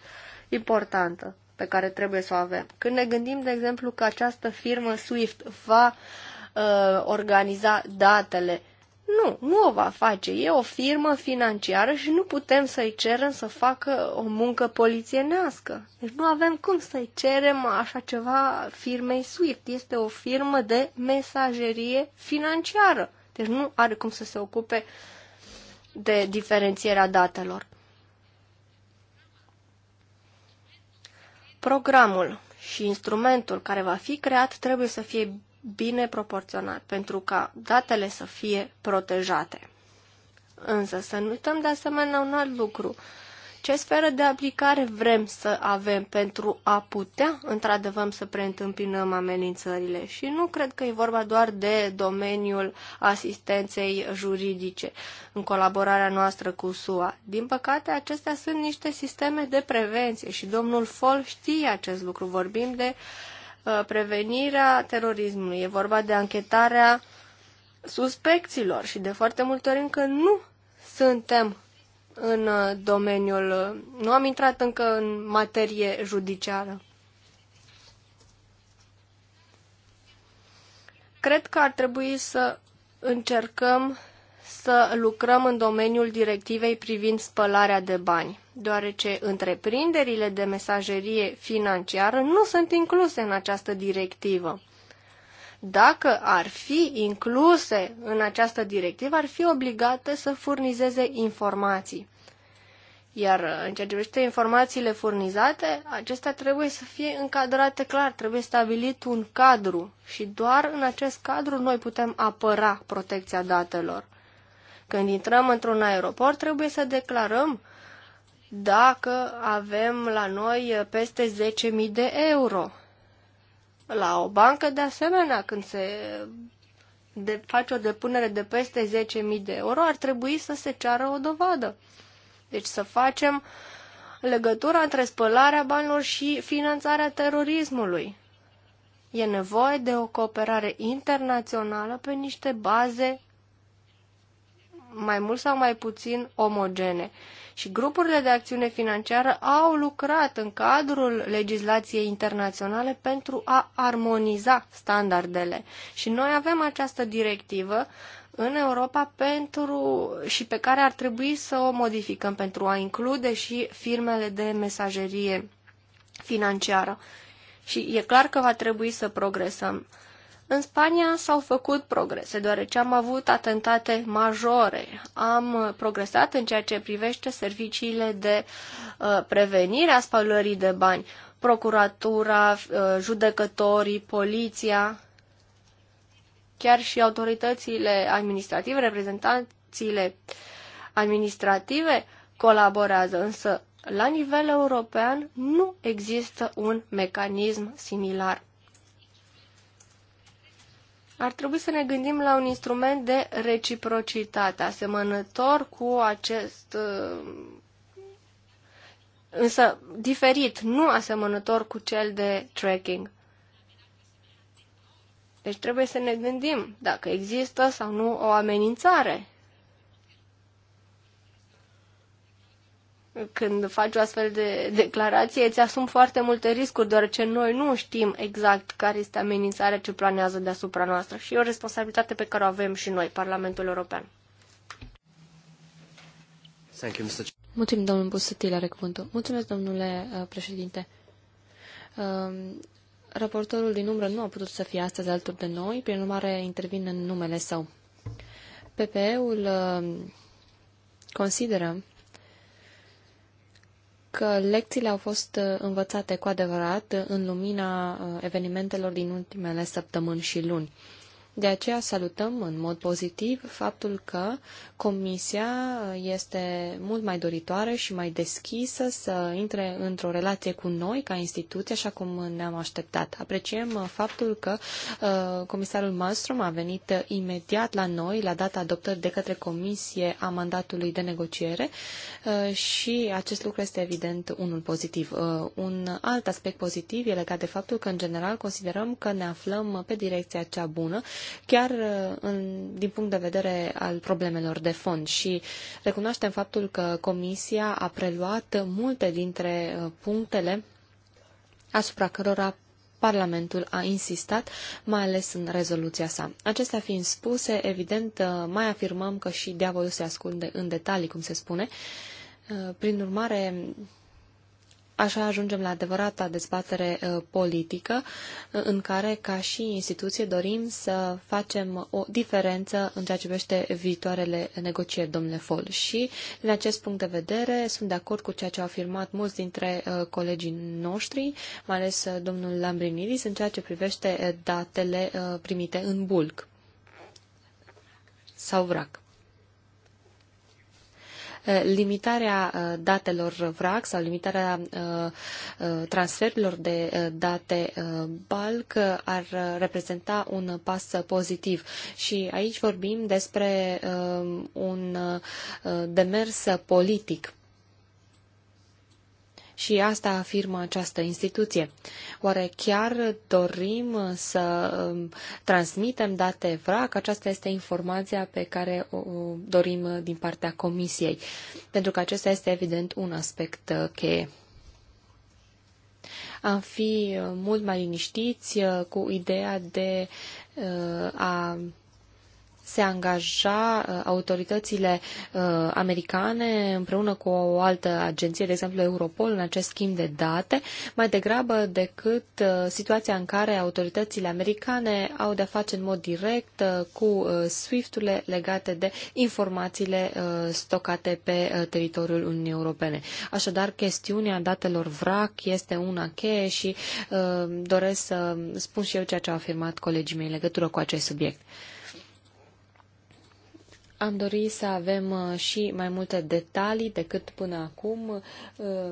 importantă pe care trebuie să o avem. Când ne gândim, de exemplu, că această firmă SWIFT va uh, organiza datele. Nu, nu o va face. E o firmă financiară și nu putem să-i cerem să facă o muncă polițienească. Deci nu avem cum să-i cerem așa ceva firmei SWIFT. Este o firmă de mesagerie financiară. Deci nu are cum să se ocupe de diferențierea datelor. Programul și instrumentul care va fi creat trebuie să fie bine proporționat pentru ca datele să fie protejate. Însă să nu uităm de asemenea un alt lucru. Ce sferă de aplicare vrem să avem pentru a putea, într-adevăr, să preîntâmpinăm amenințările? Și nu cred că e vorba doar de domeniul asistenței juridice în colaborarea noastră cu SUA. Din păcate, acestea sunt niște sisteme de prevenție și domnul Fol știe acest lucru. Vorbim de uh, Uh, prevenirea terorismului, e vorba de anchetarea suspecților și de foarte multe ori încă nu suntem în uh, domeniul, uh, nu am intrat încă în materie judiciară. Cred că ar trebui să încercăm să lucrăm în domeniul directivei privind spălarea de bani deoarece întreprinderile de mesagerie financiară nu sunt incluse în această directivă. Dacă ar fi incluse în această directivă, ar fi obligate să furnizeze informații. Iar uh, în ceea ce privește informațiile furnizate, acestea trebuie să fie încadrate clar, trebuie stabilit un cadru și doar în acest cadru noi putem apăra protecția datelor. Când intrăm într-un aeroport, trebuie să declarăm dacă avem la noi eh, peste 10.000 de euro. La o bancă, de asemenea, când se eh, de, face o depunere de peste 10.000 de euro, ar trebui să se ceară o dovadă. Deci să facem legătura între spălarea banilor și finanțarea terorismului. E nevoie de o cooperare internațională pe niște baze mai mult sau mai puțin omogene și grupurile de acțiune financiară au lucrat în cadrul legislației internaționale pentru a armoniza standardele. Și noi avem această directivă în Europa pentru și pe care ar trebui să o modificăm pentru a include și firmele de mesagerie financiară. Și e clar că va trebui să progresăm. În Spania s-au făcut progrese, deoarece am avut atentate majore. Am progresat în ceea ce privește serviciile de uh, prevenire a spălării de bani, procuratura, uh, judecătorii, poliția, chiar și autoritățile administrative, reprezentanțiile administrative colaborează, însă la nivel european nu există un mecanism similar ar trebui să ne gândim la un instrument de reciprocitate, asemănător cu acest. Uh, însă diferit, nu asemănător cu cel de tracking. Deci trebuie să ne gândim dacă există sau nu o amenințare când faci o astfel de declarație, îți asumi foarte multe riscuri, deoarece noi nu știm exact care este amenințarea ce planează deasupra noastră și e o responsabilitate pe care o avem și noi, Parlamentul European. Thank you, Mr. Mulțumim, domnul Busutil, are cuvântul. Mulțumesc, domnule uh, președinte. Um, raportorul din umbră nu a putut să fie astăzi alături de noi, prin urmare intervin în numele său. PPE-ul uh, consideră că lecțiile au fost uh, învățate cu adevărat uh, în lumina uh, evenimentelor din ultimele săptămâni și luni. De aceea salutăm în mod pozitiv faptul că Comisia este mult mai doritoare și mai deschisă să intre într-o relație cu noi ca instituție, așa cum ne-am așteptat. Apreciem faptul că uh, comisarul Malmström a venit imediat la noi, la data adoptării de către Comisie a mandatului de negociere uh, și acest lucru este evident unul pozitiv. Uh, un alt aspect pozitiv e legat de faptul că, în general, considerăm că ne aflăm pe direcția cea bună chiar uh, în, din punct de vedere al problemelor de fond și recunoaștem faptul că Comisia a preluat multe dintre uh, punctele asupra cărora Parlamentul a insistat, mai ales în rezoluția sa. Acestea fiind spuse, evident, uh, mai afirmăm că și diavolul se ascunde în detalii, cum se spune. Prin urmare, Așa ajungem la adevărata dezbatere uh, politică uh, în care, ca și instituție, dorim să facem o diferență în ceea ce privește viitoarele negocieri, domnule Fol. Și, din acest punct de vedere, sunt de acord cu ceea ce au afirmat mulți dintre uh, colegii noștri, mai ales domnul Lambrinidis, în ceea ce privește datele primite în bulk sau vrac limitarea uh, datelor VRAC sau limitarea uh, uh, transferurilor de date BALC ar reprezenta un pas pozitiv. Și aici vorbim despre un demers politic și asta afirmă această instituție. Oare chiar dorim să um, transmitem date vrac? Aceasta este informația pe care o dorim din partea Comisiei, pentru că acesta este evident un aspect uh, cheie am fi uh, mult mai liniștiți uh, cu ideea de a se angaja uh, autoritățile uh, americane împreună cu o altă agenție, de exemplu Europol, în acest schimb de date, mai degrabă decât uh, situația în care autoritățile americane au de-a face în mod direct cu SWIFT-urile legate de informațiile stocate pe teritoriul Uniunii Europene. Așadar, chestiunea datelor VRAC este una cheie și doresc să spun și eu ceea ce au afirmat colegii mei în legătură cu acest subiect. Am dorit să avem uh, și mai multe detalii decât până acum uh,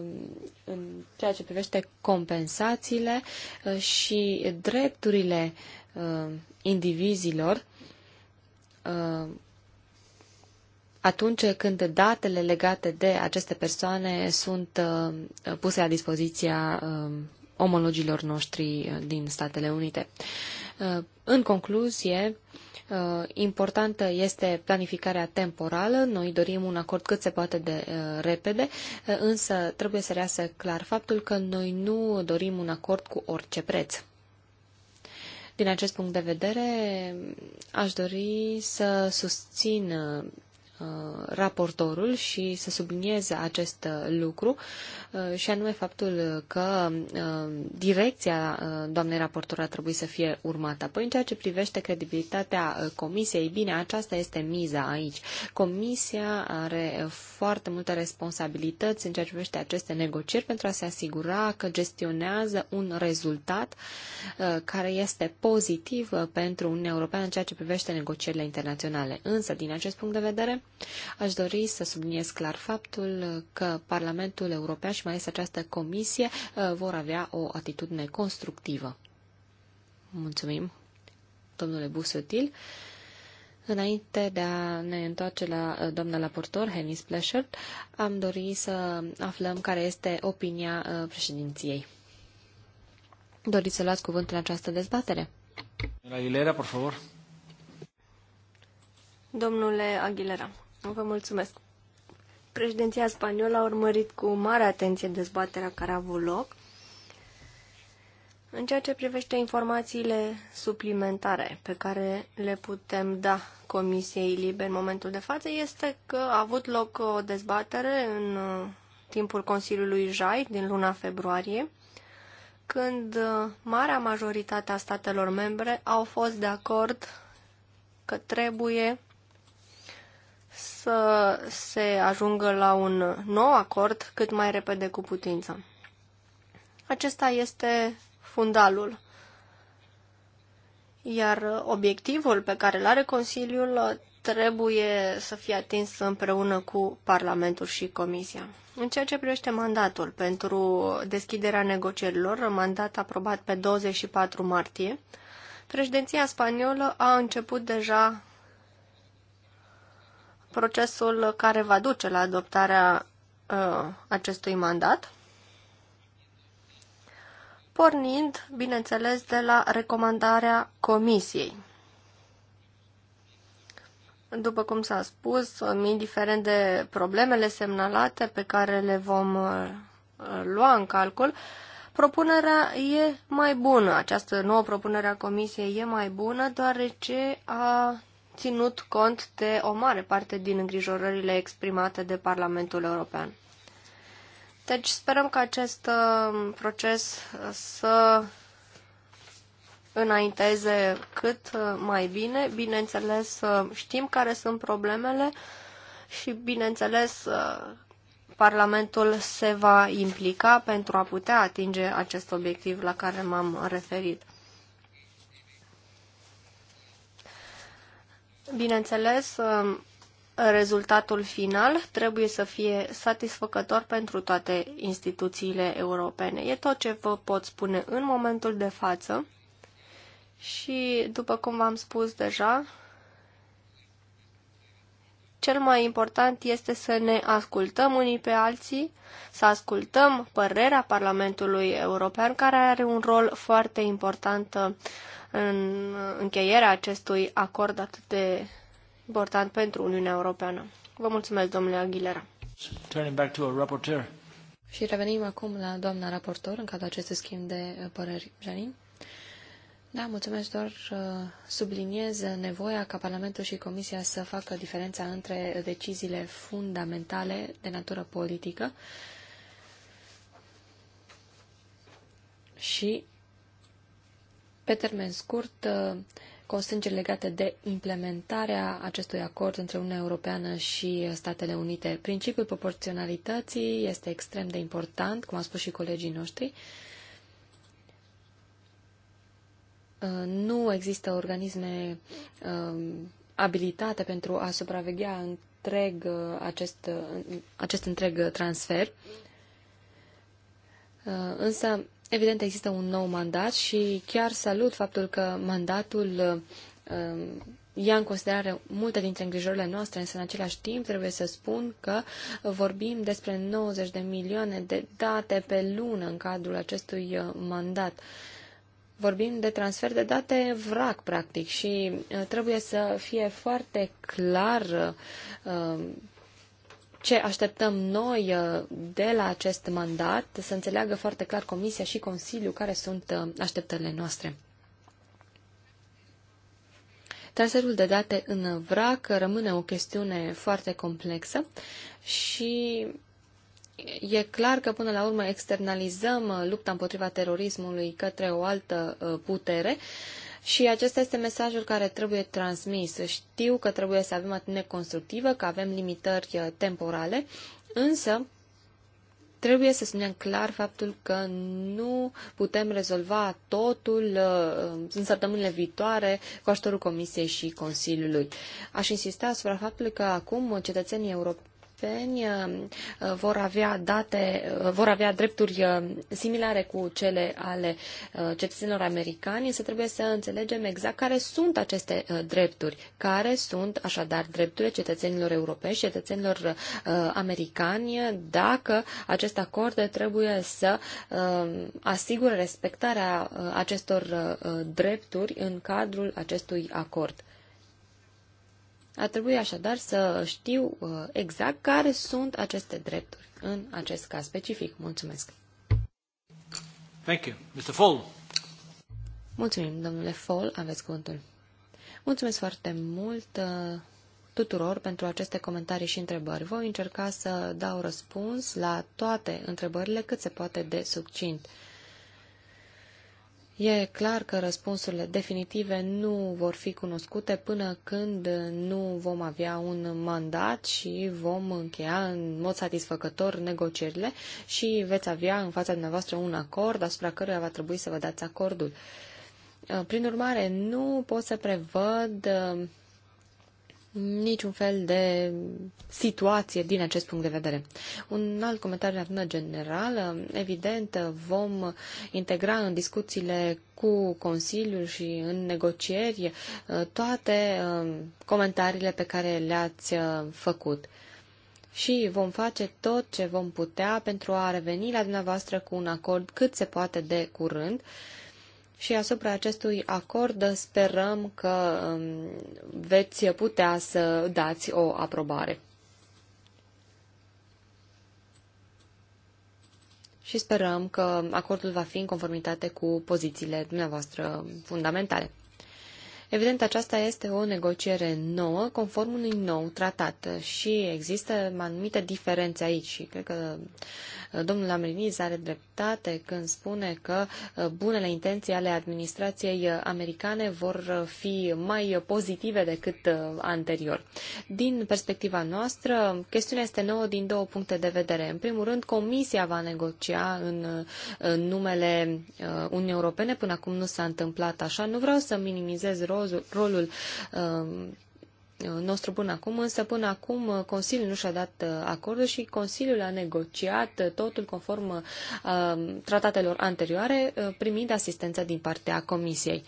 în ceea ce privește compensațiile uh, și drepturile indivizilor atunci când datele legate de aceste persoane sunt puse la dispoziția omologilor noștri din Statele Unite. Uh, în concluzie, uh, importantă este planificarea temporală. Noi dorim un acord cât se poate de uh, repede, însă trebuie să reasă clar faptul că noi nu dorim un acord cu orice preț. Din acest punct de vedere, aș dori să susțin Uh, raportorul și să subliniez acest uh, lucru uh, și anume faptul că direcția doamnei raportor a trebuit să fie urmată. Păi în ceea ce privește credibilitatea comisiei, bine, aceasta este miza aici. Comisia are foarte multe responsabilități în ceea ce privește aceste negocieri pentru a se asigura că gestionează un rezultat care este pozitiv pentru Uniunea Europeană în ceea ce privește negocierile internaționale. Însă, din acest punct de vedere, Aș dori să subliniez clar faptul că Parlamentul European și mai ales această comisie uh, vor avea o atitudine constructivă. Mulțumim, domnule Busutil. Înainte de a ne întoarce la uh, doamna raportor, Henis Pleasure, am dori să aflăm care este opinia uh, președinției. Doriți să luați cuvântul în această dezbatere? La Aguilera, por favor. Domnule Aguilera, vă mulțumesc. Președinția spaniolă a urmărit cu mare atenție dezbaterea care a avut loc. În ceea ce privește informațiile suplimentare pe care le putem da Comisiei Libe în momentul de față, este că a avut loc o dezbatere în uh, timpul Consiliului JAI din luna februarie, când uh, marea majoritate a statelor membre au fost de acord că trebuie să se ajungă la un nou acord cât mai repede cu putință. Acesta este fundalul. Iar obiectivul pe care îl are Consiliul trebuie să fie atins împreună cu Parlamentul și Comisia. În ceea ce privește mandatul pentru deschiderea negocierilor, mandat aprobat pe 24 martie, președinția spaniolă a început deja procesul care va duce la adoptarea uh, acestui mandat, pornind, bineînțeles, de la recomandarea Comisiei. După cum s-a spus, indiferent de problemele semnalate pe care le vom uh, lua în calcul, propunerea e mai bună. Această nouă propunere a Comisiei e mai bună, deoarece a ținut cont de o mare parte din îngrijorările exprimate de Parlamentul European. Deci sperăm că acest um, proces uh, să înainteze cât uh, mai bine. Bineînțeles, uh, știm care sunt problemele și, bineînțeles, Parlamentul se va implica pentru a putea atinge acest obiectiv la care m-am referit. Bineînțeles, um, rezultatul final trebuie să fie satisfăcător pentru toate instituțiile europene. E tot ce vă pot spune în momentul de față și, după cum v-am spus deja, cel mai important este să ne ascultăm unii pe alții, să ascultăm părerea Parlamentului European, care are un rol foarte important în încheierea acestui acord atât de important pentru Uniunea Europeană. Vă mulțumesc, domnule Aguilera. Turning back to Și revenim acum la doamna raportor în cadrul acestui schimb de uh, păreri. Janin? Da, mulțumesc, doar uh, subliniez nevoia ca Parlamentul și Comisia să facă diferența între deciziile fundamentale de natură politică și pe termen scurt, uh, constrângeri legate de implementarea acestui acord între Uniunea Europeană și Statele Unite. Principiul proporționalității este extrem de important, cum au spus și colegii noștri. Uh, nu există organisme um, abilitate pentru a supraveghea întreg uh, acest, acest întreg transfer. Însă Evident, există un nou mandat și chiar salut faptul că mandatul um, ia în considerare multe dintre îngrijorile noastre, însă în același timp trebuie să spun că vorbim despre 90 de milioane de date pe lună în cadrul acestui uh, mandat. Vorbim de transfer de date vrac, practic, și uh, trebuie să fie foarte clar uh, ce așteptăm noi uh, de la acest mandat, să înțeleagă foarte clar Comisia și Consiliul care sunt uh, așteptările noastre. Traseul de date în vrac rămâne o chestiune foarte complexă și e clar că până la urmă externalizăm uh, lupta împotriva terorismului către o altă putere și acesta este mesajul care trebuie transmis. Știu că trebuie să avem atitudine constructivă, că avem limitări uh, temporale, însă trebuie să spunem clar faptul că nu putem rezolva totul uh, uh, în săptămânile viitoare cu ajutorul Comisiei și Consiliului. Aș insista asupra faptului că acum cetățenii europeni europeni uh, uh, vor avea date, uh, vor avea drepturi similare cu cele ale cetățenilor americani, însă trebuie să înțelegem exact care sunt aceste drepturi, care sunt așadar drepturile cetățenilor europeni și cetățenilor americani dacă acest acord trebuie să asigure respectarea acestor drepturi în cadrul acestui acord. Ar trebui așadar să știu uh, exact care sunt aceste drepturi în acest caz specific. Mulțumesc. Thank you. Mr. Fall. Mulțumim, domnule Fall, aveți cuvântul. Mulțumesc foarte mult uh, tuturor pentru aceste comentarii și întrebări. Voi încerca să dau răspuns la toate întrebările cât se poate de succint. E clar că răspunsurile definitive nu vor fi cunoscute până când nu vom avea un mandat și vom încheia în mod satisfăcător negocierile și veți avea în fața dumneavoastră un acord asupra căruia va trebui să vă dați acordul. Prin urmare, nu pot să prevăd niciun fel de situație din acest punct de vedere. Un alt comentariu în atât general, evident, vom integra în discuțiile cu Consiliul și în negocieri uh, toate uh, comentariile pe care le-ați uh, făcut și vom face tot ce vom putea pentru a reveni la dumneavoastră cu un acord cât se poate de curând și asupra acestui acord sperăm că um, veți putea să dați o aprobare. Și sperăm că acordul va fi în conformitate cu pozițiile dumneavoastră fundamentale. Evident, aceasta este o negociere nouă, conform unui nou tratat și există anumite diferențe aici și cred că uh, domnul Lamriniz are dreptate când spune că uh, bunele intenții ale administrației uh, americane vor fi mai pozitive decât anterior. Din perspectiva noastră, chestiunea este nouă din două puncte de vedere. În primul rând, Comisia va negocia în numele Uniunii Europene, până acum nu s-a întâmplat așa. Nu vreau să minimizez rolul rozul, rolul um, nostru până acum, însă până acum uh, Consiliul nu și-a dat uh, acordul și Consiliul a negociat uh, totul conform tratatelor anterioare, primind asistența din partea Comisiei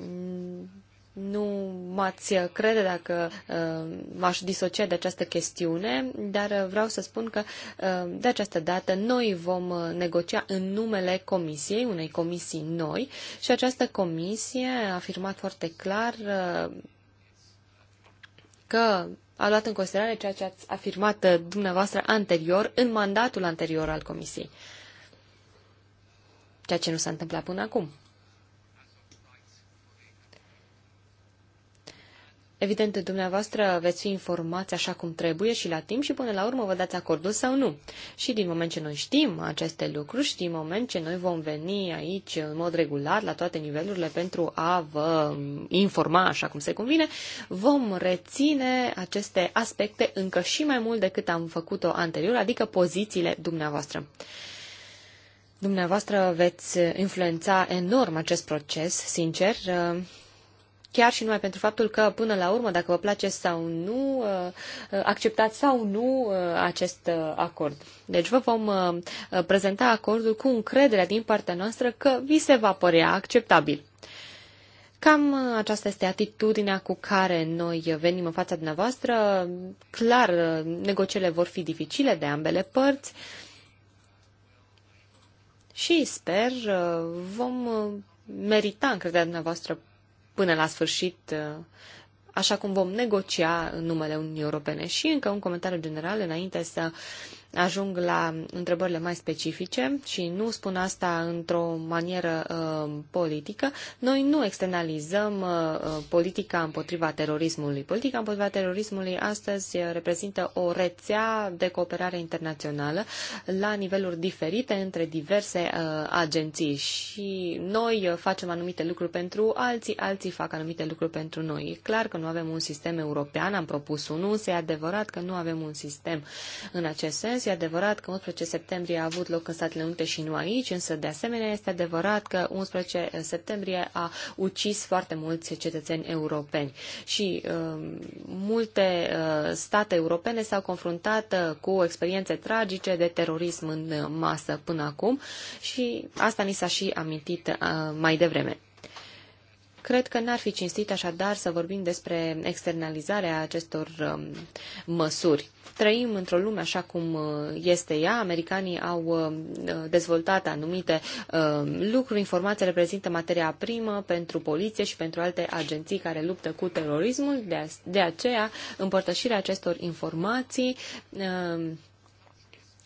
mm, nu m-ați crede dacă uh, m-aș disocia de această chestiune, dar vreau să spun că uh, de această dată noi vom negocia în numele comisiei, unei comisii noi, și această comisie a afirmat foarte clar uh, că a luat în considerare ceea ce ați afirmat uh, dumneavoastră anterior, în mandatul anterior al comisiei. Ceea ce nu s-a întâmplat până acum. Evident, dumneavoastră veți fi informați așa cum trebuie și la timp și până la urmă vă dați acordul sau nu. Și din moment ce noi știm aceste lucruri și din moment ce noi vom veni aici în mod regulat la toate nivelurile pentru a vă informa așa cum se convine, vom reține aceste aspecte încă și mai mult decât am făcut-o anterior, adică pozițiile dumneavoastră. Dumneavoastră veți influența enorm acest proces, sincer, chiar și numai pentru faptul că, până la urmă, dacă vă place sau nu, uh, uh, acceptați sau nu uh, acest acord. Deci vă vom prezenta acordul cu încrederea din partea noastră că vi se va părea acceptabil. Cam aceasta este atitudinea cu care noi venim în fața dumneavoastră. Clar, negocierile vor fi dificile de ambele părți și sper vom merita încrederea dumneavoastră până la sfârșit, uh, așa cum vom negocia în numele Uniunii Europene. Și încă un comentariu general înainte să ajung la întrebările mai specifice și nu spun asta într-o manieră uh, politică, noi nu externalizăm uh, uh politica împotriva terorismului. Politica împotriva terorismului astăzi uh, reprezintă o rețea de cooperare internațională la niveluri diferite între diverse uh, agenții și noi uh, facem anumite lucruri pentru alții, alții fac anumite lucruri pentru noi. E clar că nu avem un sistem european, am propus unul, se adevărat că nu avem un sistem în acest sens proces. E adevărat că 11 septembrie a avut loc în Statele Unite și nu aici, însă de asemenea este adevărat că 11 uh, septembrie a ucis foarte mulți cetățeni europeni și uh, multe uh, state europene s-au confruntat uh, cu experiențe tragice de terorism în masă până acum și asta ni s-a și amintit uh, mai devreme. Cred că n-ar fi cinstit așadar să vorbim despre externalizarea acestor um, măsuri. Trăim într-o lume așa cum uh, este ea, americanii au um, dezvoltat anumite um, lucruri, informația reprezintă materia primă pentru poliție și pentru alte agenții care luptă cu terorismul, de, aceea împărtășirea acestor informații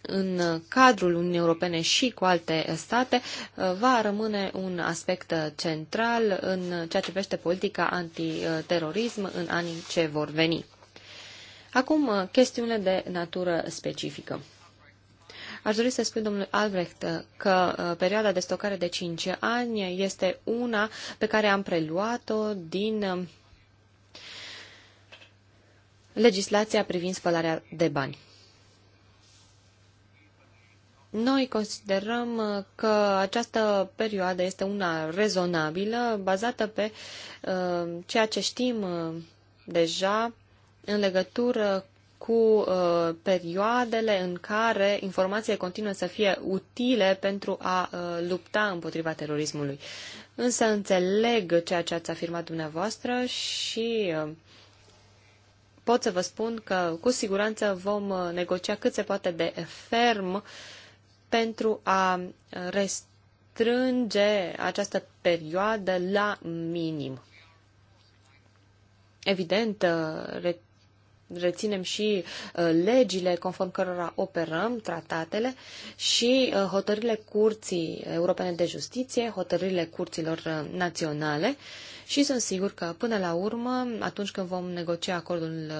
în cadrul Uniunii Europene și cu alte state uh, va rămâne un aspect central în ceea ce privește politica antiterorism în anii ce vor veni. Acum, uh, chestiune de natură specifică. Aș dori să spun domnului Albrecht uh, că perioada de stocare de 5 ani este una pe care am preluat-o din um, legislația privind spălarea de bani. Noi considerăm uh, că această perioadă este una rezonabilă, bazată pe uh, ceea ce știm uh, deja în legătură cu perioadele în care informația continuă să fie utile pentru a lupta împotriva terorismului. Însă înțeleg ceea ce ați afirmat dumneavoastră și pot să vă spun că cu siguranță vom negocia cât se poate de ferm uh, pentru a restrânge această perioadă la minim. Evident, reținem și uh, legile conform cărora operăm, tratatele și uh, hotărârile Curții Europene de Justiție, hotărârile curților uh, naționale și sunt sigur că până la urmă, atunci când vom negocia acordul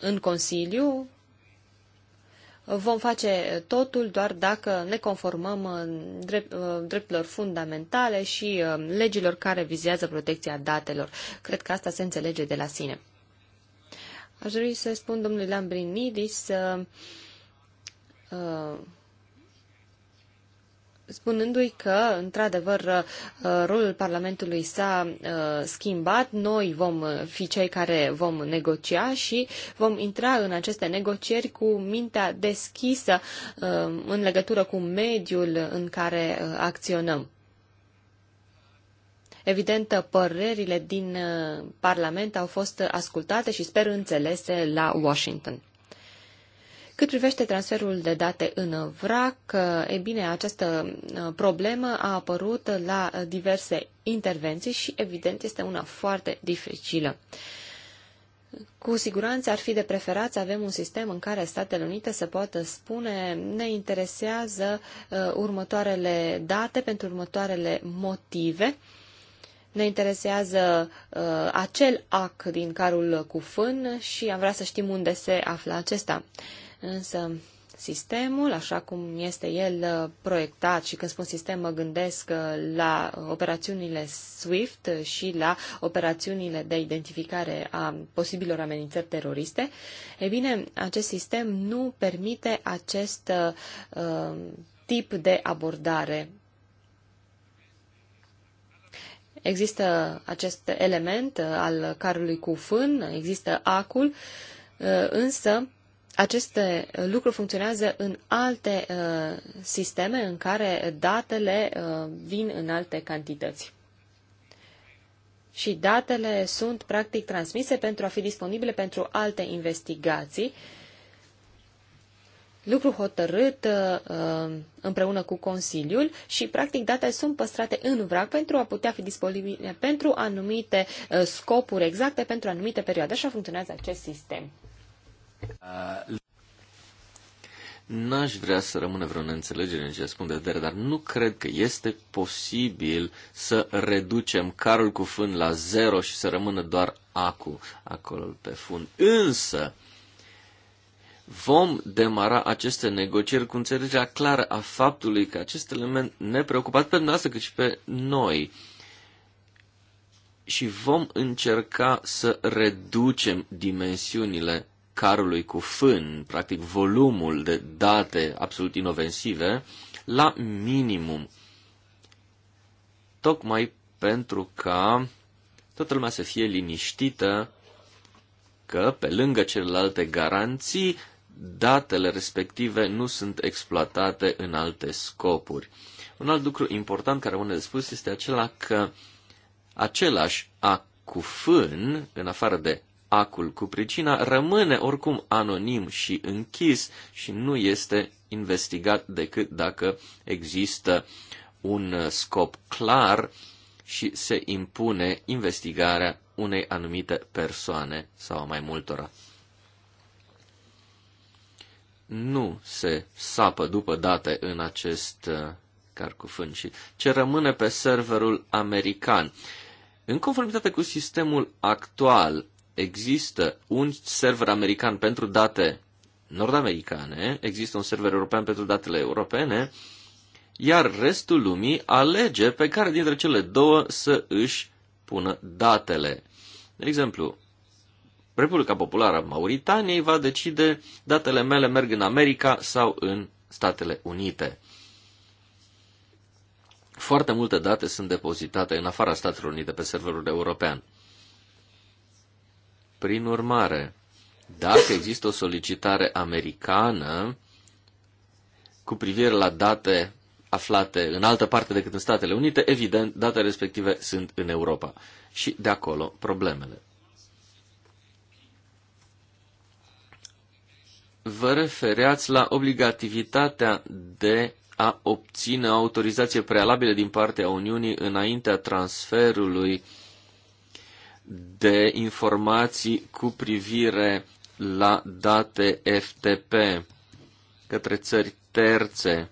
în Consiliu, Vom face totul doar dacă ne conformăm uh, drept, uh, drepturilor fundamentale și uh, legilor care vizează protecția datelor. Cred că asta se înțelege de la sine. Aș dori să spun domnului Lambrinidis uh, uh, spunându-i că, într-adevăr, uh, rolul Parlamentului s-a uh, schimbat, noi vom fi cei care vom negocia și vom intra în aceste negocieri cu mintea deschisă uh, în legătură cu mediul în care acționăm. Evident, părerile din Parlament au fost ascultate și sper înțelese la Washington. Cât privește transferul de date în VRAC, e bine, această uh, problemă a apărut la uh, diverse intervenții și, evident, este una foarte dificilă. Cu siguranță ar fi de preferat să avem un sistem în care Statele Unite să poată spune ne interesează uh, următoarele date pentru următoarele motive, ne interesează uh, acel ac din carul cu fân și am vrea să știm unde se află acesta. Uh, Însă sistemul, așa cum este el uh, proiectat și când spun sistem mă gândesc uh, la operațiunile SWIFT și la operațiunile de identificare a posibilor amenințări teroriste, e bine, acest sistem nu permite acest uh, uh tip de abordare Există acest element al carului cu fân, există acul, însă aceste lucruri funcționează în alte uh, sisteme în care datele uh, vin în alte cantități. Și datele sunt practic transmise pentru a fi disponibile pentru alte investigații, lucru hotărât uh, uh împreună cu Consiliul și practic datele sunt păstrate în vrac pentru a putea fi disponibile pentru anumite uh, scopuri exacte, pentru anumite perioade. Așa funcționează acest sistem. N-aș vrea să rămână vreo neînțelegere în ce spun de vedere, dar nu cred că este posibil să reducem carul cu fân la zero și să rămână doar acu acolo pe fund. Însă, vom demara aceste negocieri cu înțelegerea clară a faptului că acest element ne preocupat pe noastră cât și pe noi și vom încerca să reducem dimensiunile carului cu fân, practic volumul de date absolut inofensive, la minimum. Tocmai pentru ca toată lumea să fie liniștită că, pe lângă celelalte garanții, datele respective nu sunt exploatate în alte scopuri. Un alt lucru important care rămâne de spus este acela că același a cu fân, în afară de acul cu pricina, rămâne oricum anonim și închis și nu este investigat decât dacă există un scop clar și se impune investigarea unei anumite persoane sau mai multora. Nu se sapă după date în acest uh, carcufân și ce rămâne pe serverul american. În conformitate cu sistemul actual, există un server american pentru date nord-americane, există un server european pentru datele europene, iar restul lumii alege pe care dintre cele două să își pună datele. De exemplu, Republica Populară Mauritaniei va decide datele mele merg în America sau în Statele Unite. Foarte multe date sunt depozitate în afara Statelor Unite pe serverul european. Prin urmare, dacă există o solicitare americană cu privire la date aflate în altă parte decât în Statele Unite, evident, datele respective sunt în Europa. Și de acolo problemele. Vă refereați la obligativitatea de a obține autorizație prealabilă din partea Uniunii înaintea transferului uh, de informații cu privire la date FTP către țări terțe.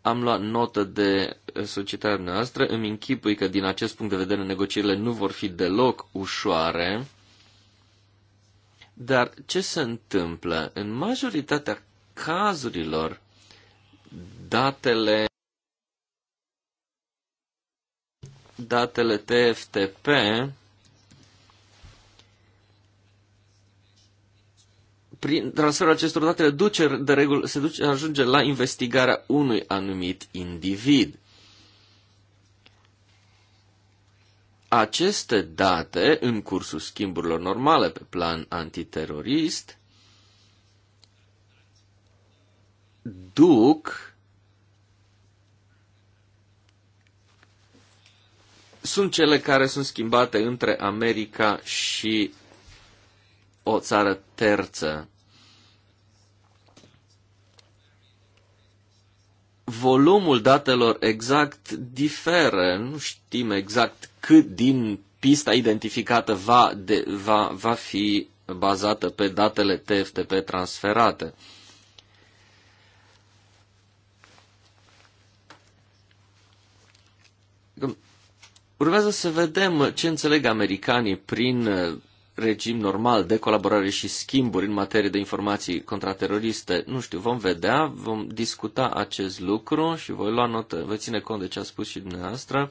Am luat notă de societatea noastră. Îmi închipui că din acest punct de vedere negocierile nu vor fi deloc ușoare. Dar ce se întâmplă? În majoritatea cazurilor, datele datele TFTP prin transferul acestor date duce, de regulă, se duce, ajunge la investigarea unui anumit individ. Aceste date, în cursul schimburilor normale pe plan antiterorist, duc sunt cele care sunt schimbate între America și o țară terță. Volumul datelor exact diferă, nu știm exact cât din pista identificată va, de, va, va fi bazată pe datele TFTP transferate. Urmează să vedem ce înțeleg americanii prin uh, regim normal de colaborare și schimburi în materie de informații contrateroriste. Nu știu, vom vedea, vom discuta acest lucru și voi lua notă, vă ține cont de ce a spus și dumneavoastră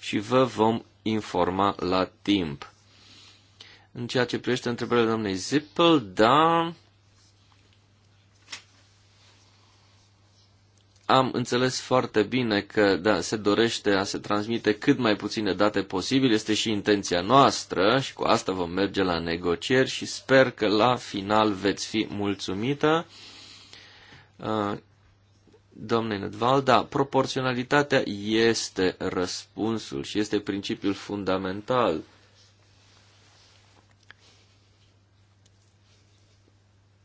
și vă vom informa la timp. În ceea ce privește întrebările doamnei Zippel, da, am înțeles foarte bine că da, se dorește a se transmite cât mai puține date posibil, este și intenția noastră și cu asta vom merge la negocieri și sper că la final veți fi mulțumită. Uh, domnule Nedval, da, proporționalitatea este răspunsul și este principiul fundamental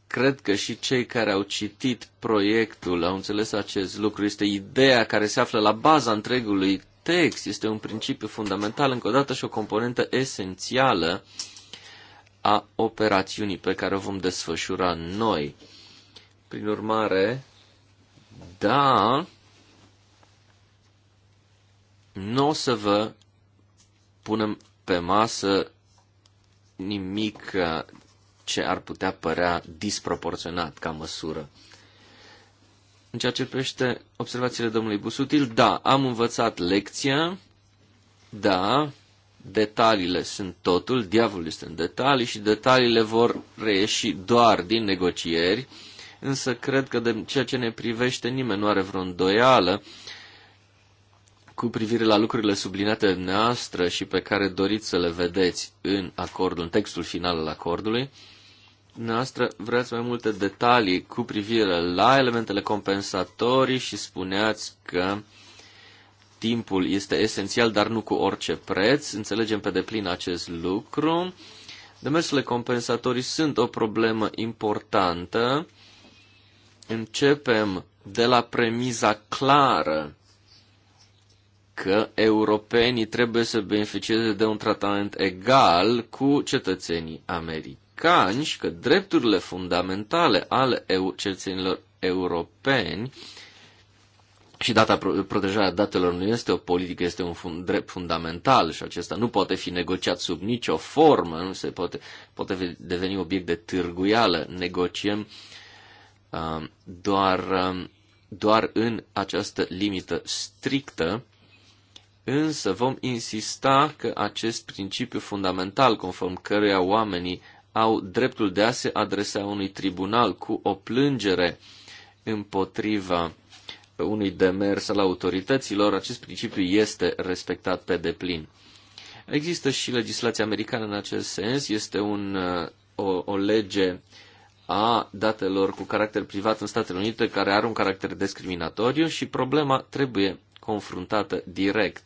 cred că și cei care au citit proiectul au înțeles acest lucru. Este ideea care se află la baza întregului text. Este un principiu fundamental, încă o dată, și o componentă esențială a operațiunii pe care o vom desfășura noi. Prin urmare, da, nu o să vă punem pe masă nimic ce ar putea părea disproporționat ca măsură. În ceea ce privește observațiile domnului Busutil, da, am învățat lecția, da, detaliile sunt totul, diavolul este în detalii și detaliile vor reieși doar din negocieri, însă cred că de ceea ce ne privește nimeni nu are vreo îndoială cu privire la lucrurile subliniate de noastră și pe care doriți să le vedeți în acordul, în textul final al acordului. Noastră vreați mai multe detalii cu privire la elementele compensatorii și spuneați că timpul este esențial, dar nu cu orice preț. Înțelegem pe deplin acest lucru. Demersurile compensatorii sunt o problemă importantă. Începem de la premiza clară că europenii trebuie să beneficieze de un tratament egal cu cetățenii americani americani că drepturile fundamentale ale eu, cetățenilor europeni și data, protejarea datelor nu este o politică, este un fund, drept fundamental și acesta nu poate fi negociat sub nicio formă, nu se poate, poate deveni obiect de târguială. Negociem uh, doar, uh, doar în această limită strictă, însă vom insista că acest principiu fundamental conform căruia oamenii au dreptul de a se adresa unui tribunal cu o plângere împotriva unui demers al autorităților, acest principiu este respectat pe deplin. Există și legislația americană în acest sens, este un, o, o lege a datelor cu caracter privat în Statele Unite care are un caracter discriminatoriu și problema trebuie confruntată direct.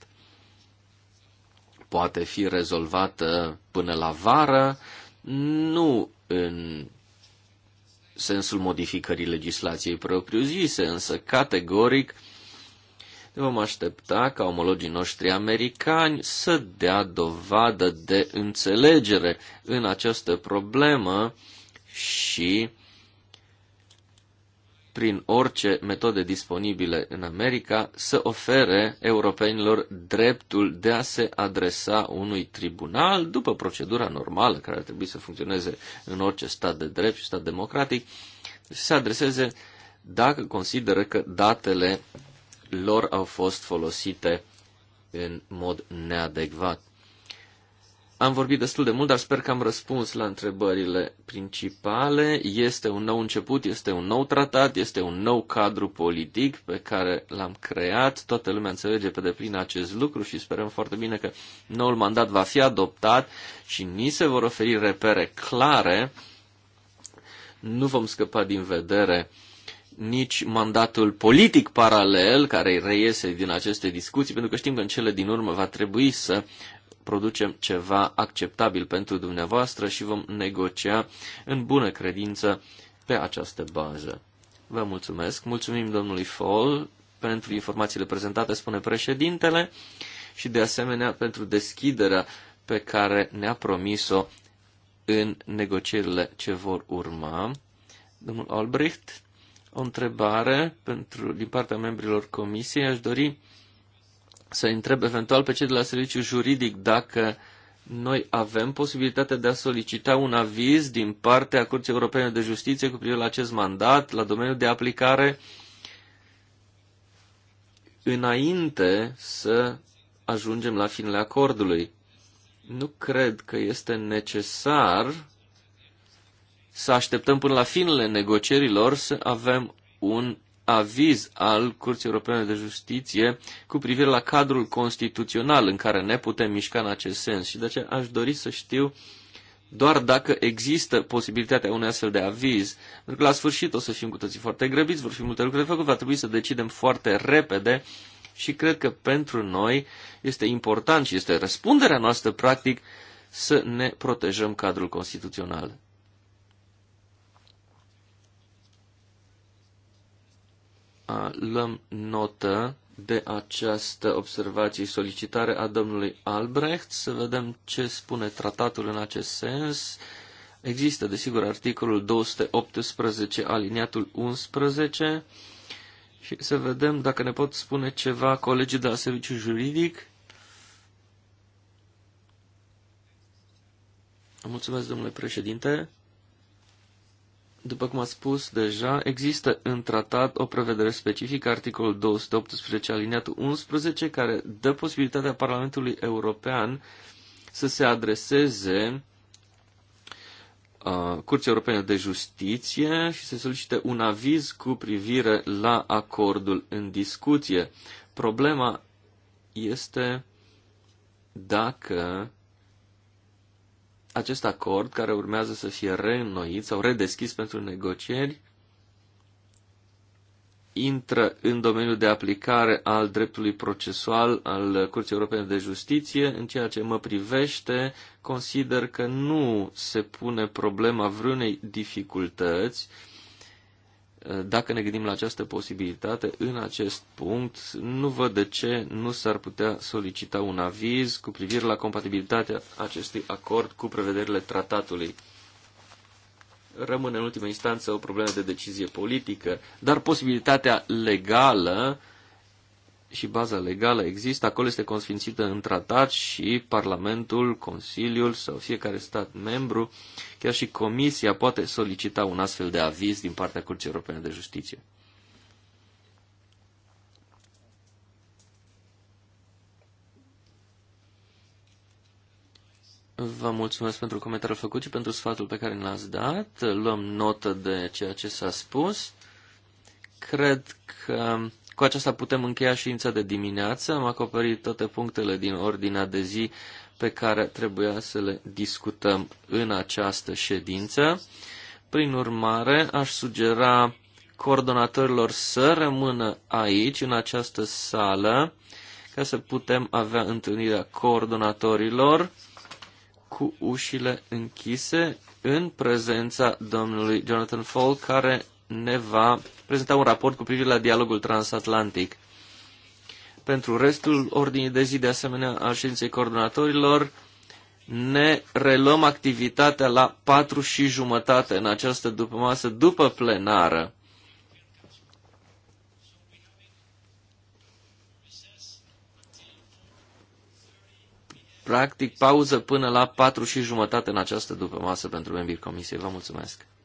Poate fi rezolvată până la vară, nu în sensul modificării legislației propriu-zise, însă categoric ne vom aștepta ca omologii noștri americani să dea dovadă de înțelegere în această problemă și prin orice metode disponibile în America, să ofere europenilor dreptul de a se adresa unui tribunal după procedura normală care ar trebui să funcționeze în orice stat de drept și stat democratic, să se adreseze dacă consideră că datele lor au fost folosite în mod neadecvat. Am vorbit destul de mult, dar sper că am răspuns la întrebările principale. Este un nou început, este un nou tratat, este un nou cadru politic pe care l-am creat. Toată lumea înțelege pe deplin acest lucru și sperăm foarte bine că noul mandat va fi adoptat și ni se vor oferi repere clare. Nu vom scăpa din vedere nici mandatul politic paralel care reiese din aceste discuții, pentru că știm că în cele din urmă va trebui să producem ceva acceptabil pentru dumneavoastră și vom negocia în bună credință pe această bază. Vă mulțumesc. Mulțumim domnului Fall pentru informațiile prezentate, spune președintele, și de asemenea pentru deschiderea pe care ne-a promis-o în negocierile ce vor urma. Domnul Albrecht, o întrebare pentru, din partea membrilor comisiei. Aș dori să întreb eventual pe cei de la serviciu juridic dacă noi avem posibilitatea de a solicita un aviz din partea Curții Europene de Justiție cu privire la acest mandat, la domeniul de aplicare, înainte să ajungem la finele acordului. Nu cred că este necesar să așteptăm până la finele negocierilor să avem un aviz al Curții Europene de Justiție cu privire la cadrul constituțional în care ne putem mișca în acest sens. Și de aceea aș dori să știu doar dacă există posibilitatea unui astfel de aviz. Pentru că la sfârșit o să fim cu toții foarte grăbiți, vor fi multe lucruri de făcut, va trebui să decidem foarte repede și cred că pentru noi este important și este răspunderea noastră, practic, să ne protejăm cadrul constituțional. luăm notă de această observație solicitare a domnului Albrecht, să vedem ce spune tratatul în acest sens. Există, desigur, articolul 218, aliniatul 11 și să vedem dacă ne pot spune ceva colegii de la serviciu juridic. Mulțumesc, domnule președinte. După cum a spus deja, există în tratat o prevedere specifică, articolul 218 aliniatul 11, care dă posibilitatea Parlamentului European să se adreseze uh, Curții Europene de Justiție și să solicite un aviz cu privire la acordul în discuție. Problema este dacă acest acord, care urmează să fie reînnoit sau redeschis pentru negocieri, intră în domeniul de aplicare al dreptului procesual al Curții Europene de Justiție. În ceea ce mă privește, consider că nu se pune problema vreunei dificultăți uh, dacă ne gândim la această posibilitate, în acest punct, nu văd de ce nu s-ar putea solicita un aviz cu privire la compatibilitatea acestui acord cu prevederile tratatului. Rămâne în ultimă instanță o problemă de decizie politică, dar posibilitatea legală și baza legală există, acolo este consfințită în tratat și Parlamentul, Consiliul sau fiecare stat membru, chiar și Comisia poate solicita un astfel de aviz din partea Curții Europene de Justiție. Vă mulțumesc pentru comentariul făcut și pentru sfatul pe care l-ați dat. Luăm notă de ceea ce s-a spus. Cred că cu aceasta putem încheia ședința de dimineață. Am acoperit toate punctele din ordinea de zi pe care trebuia să le discutăm în această ședință. Prin urmare, aș sugera coordonatorilor să rămână aici, în această sală, ca să putem avea întâlnirea coordonatorilor cu ușile închise în prezența domnului Jonathan Fall, care ne va prezenta un raport cu privire la dialogul transatlantic. Pentru restul ordinii de zi, de asemenea, a ședinței coordonatorilor, ne reluăm activitatea la patru și jumătate în această după masă, după plenară. Practic, pauză până la patru și jumătate în această după masă pentru membrii comisiei. Vă mulțumesc!